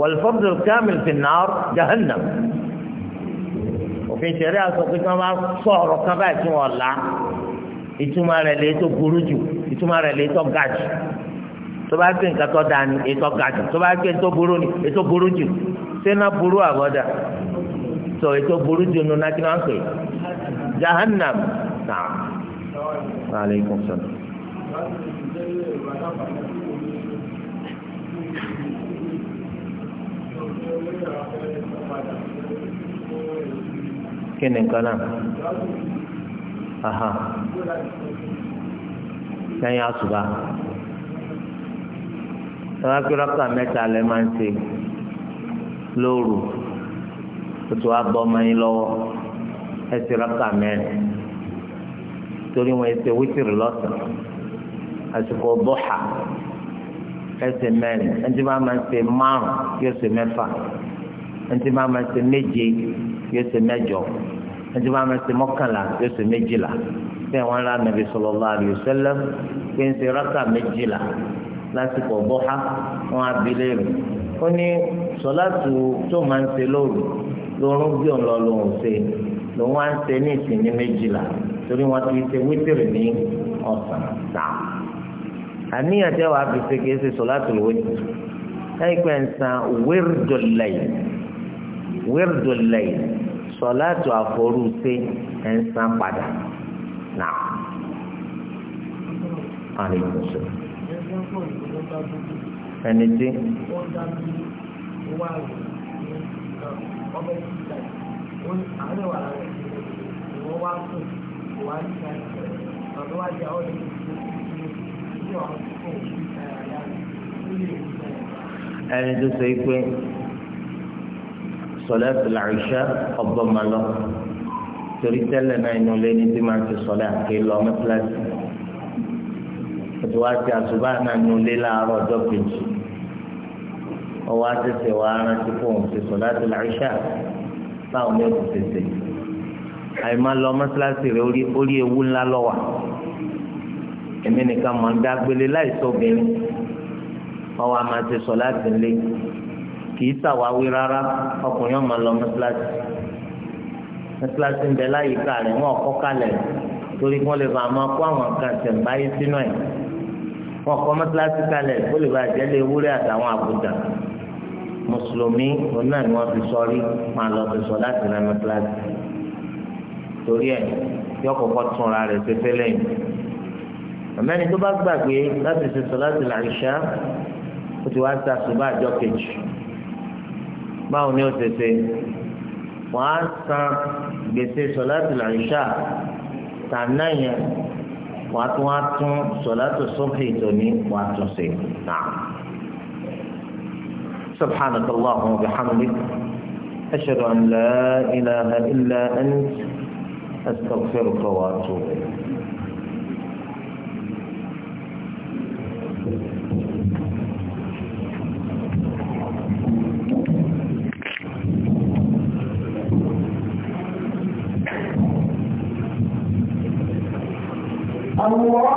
wal-fard al-kamil fi an-nar jahannam òfin ṣẹ̀ríà sọ pé kí wọ́n máa sọ ọ̀rọ̀ kan báyìí tí wọ́n la ìtumọ̀ rẹ̀ lè tó burú jù ìtumọ̀ rẹ̀ lè tó ga jù tó bá gbé nǹkan tó da ni ètò ga jù tó bá gbé tó burú ni ètò burú jù sẹ́nà burú àbọ̀dà tó ètò burú jù nù náà kí wọ́n pè jahannam náà. Wa alaikum salaam kí ni nǹkan aha lẹ́yìn àsùbá tọ́lá pé rákà mẹ́ta lẹ́ máa ń ṣe lóru tuntun wa bọ́ ọmọ yín lọ́wọ́ ẹ ti rákà mẹ́rin torí wọn ẹ wítìrì lọ́sàn-án àsìkò bọ́hà ẹsẹ̀ mẹ́rin ẹtì máa ma ṣe márùn yóò ṣe mẹ́fà ẹtì máa ma ṣe méje yóò ṣe mẹ́jọ ẹtì máa ma ṣe mọ́kànlá yóò ṣe méjìlá bẹ́ẹ̀ wọ́n rà nàbì sallallahu alaihi wasallam pé ń ṣe rákà méjìlá lásìkò bọ́há wọn abilé rẹ̀ ó ní sọláàtù tó máa ń ṣe lóru lórun bí òun lọ lòun ṣe lòun á ń ṣe ní ìsìn ní méjìlá torí wọn ti ṣe wítìrì ní ọ̀sán sáà àníyàn tẹ́ wàá fi ṣe kìí ṣe solatul witr ẹ̀ẹ́pẹ́ ń san wirdul layl wirdul layl sọ̀látù àforúṣe ẹ̀ ń san padà náà. ẹni tí wọ́n wá ẹni tó ṣe pé sọlá tìlà ìṣá ọgbọ máa lọ torí tẹ́lẹ̀ náà inú ilé ní tí máa ti sọlá àké lọ mẹtíláṣí ètò wa ti àtúbà náà inú ilé láàárọ̀ ọjọ́ kejì ọwọ́ àtẹsẹ wa rántí fóun ti sọlá tìlà ìṣá báwọn ní òkú tètè àyè máa lọ mẹtíláṣí rẹ orí ewu ńlá lọ èmi nìkan mọ̀ ń dágbélé láìsọ̀bìnrin ọwọ́ àmà ti sọ láti lé kìí sàwáwí rárá ọkùnrin ọmọ lọ mọ́sálásí mọ́sálásí ń bẹ láyìíká rẹ̀ wọ́n kọ́ kalẹ̀ torí wọ́n lè bá a máa kó àwọn kan tẹ̀m̀báyé sínú ẹ̀ wọ́n kọ́ mọ́sálásí kalẹ̀ ó lè bá a jẹ́ àtàwọn àbújá mùsùlùmí òun náà ni wọ́n fi sọrí máa lọ fi sọ láti rẹ mọ́sálásí torí ẹ̀ yọ túnra rẹ̀ pépé lẹ́yìn àmẹ́ni tó bá gbàgbé láti ṣe sọ̀láàtì làìṣá ó ti wá ń ta ṣùgbọ́n àjọ kejì báwo ni ó ṣe ṣe wọ́n á san gbèsè sọ̀láàtì làìṣá tàná yẹn wọ́n á tún wá tún sọ̀láàtì sọ́kè tóní wọ́n á tún ṣe náà. سبحانك الله وبحمدك أشهد أن لا إله إلا أنت أستغفرك وأتوب إليك الله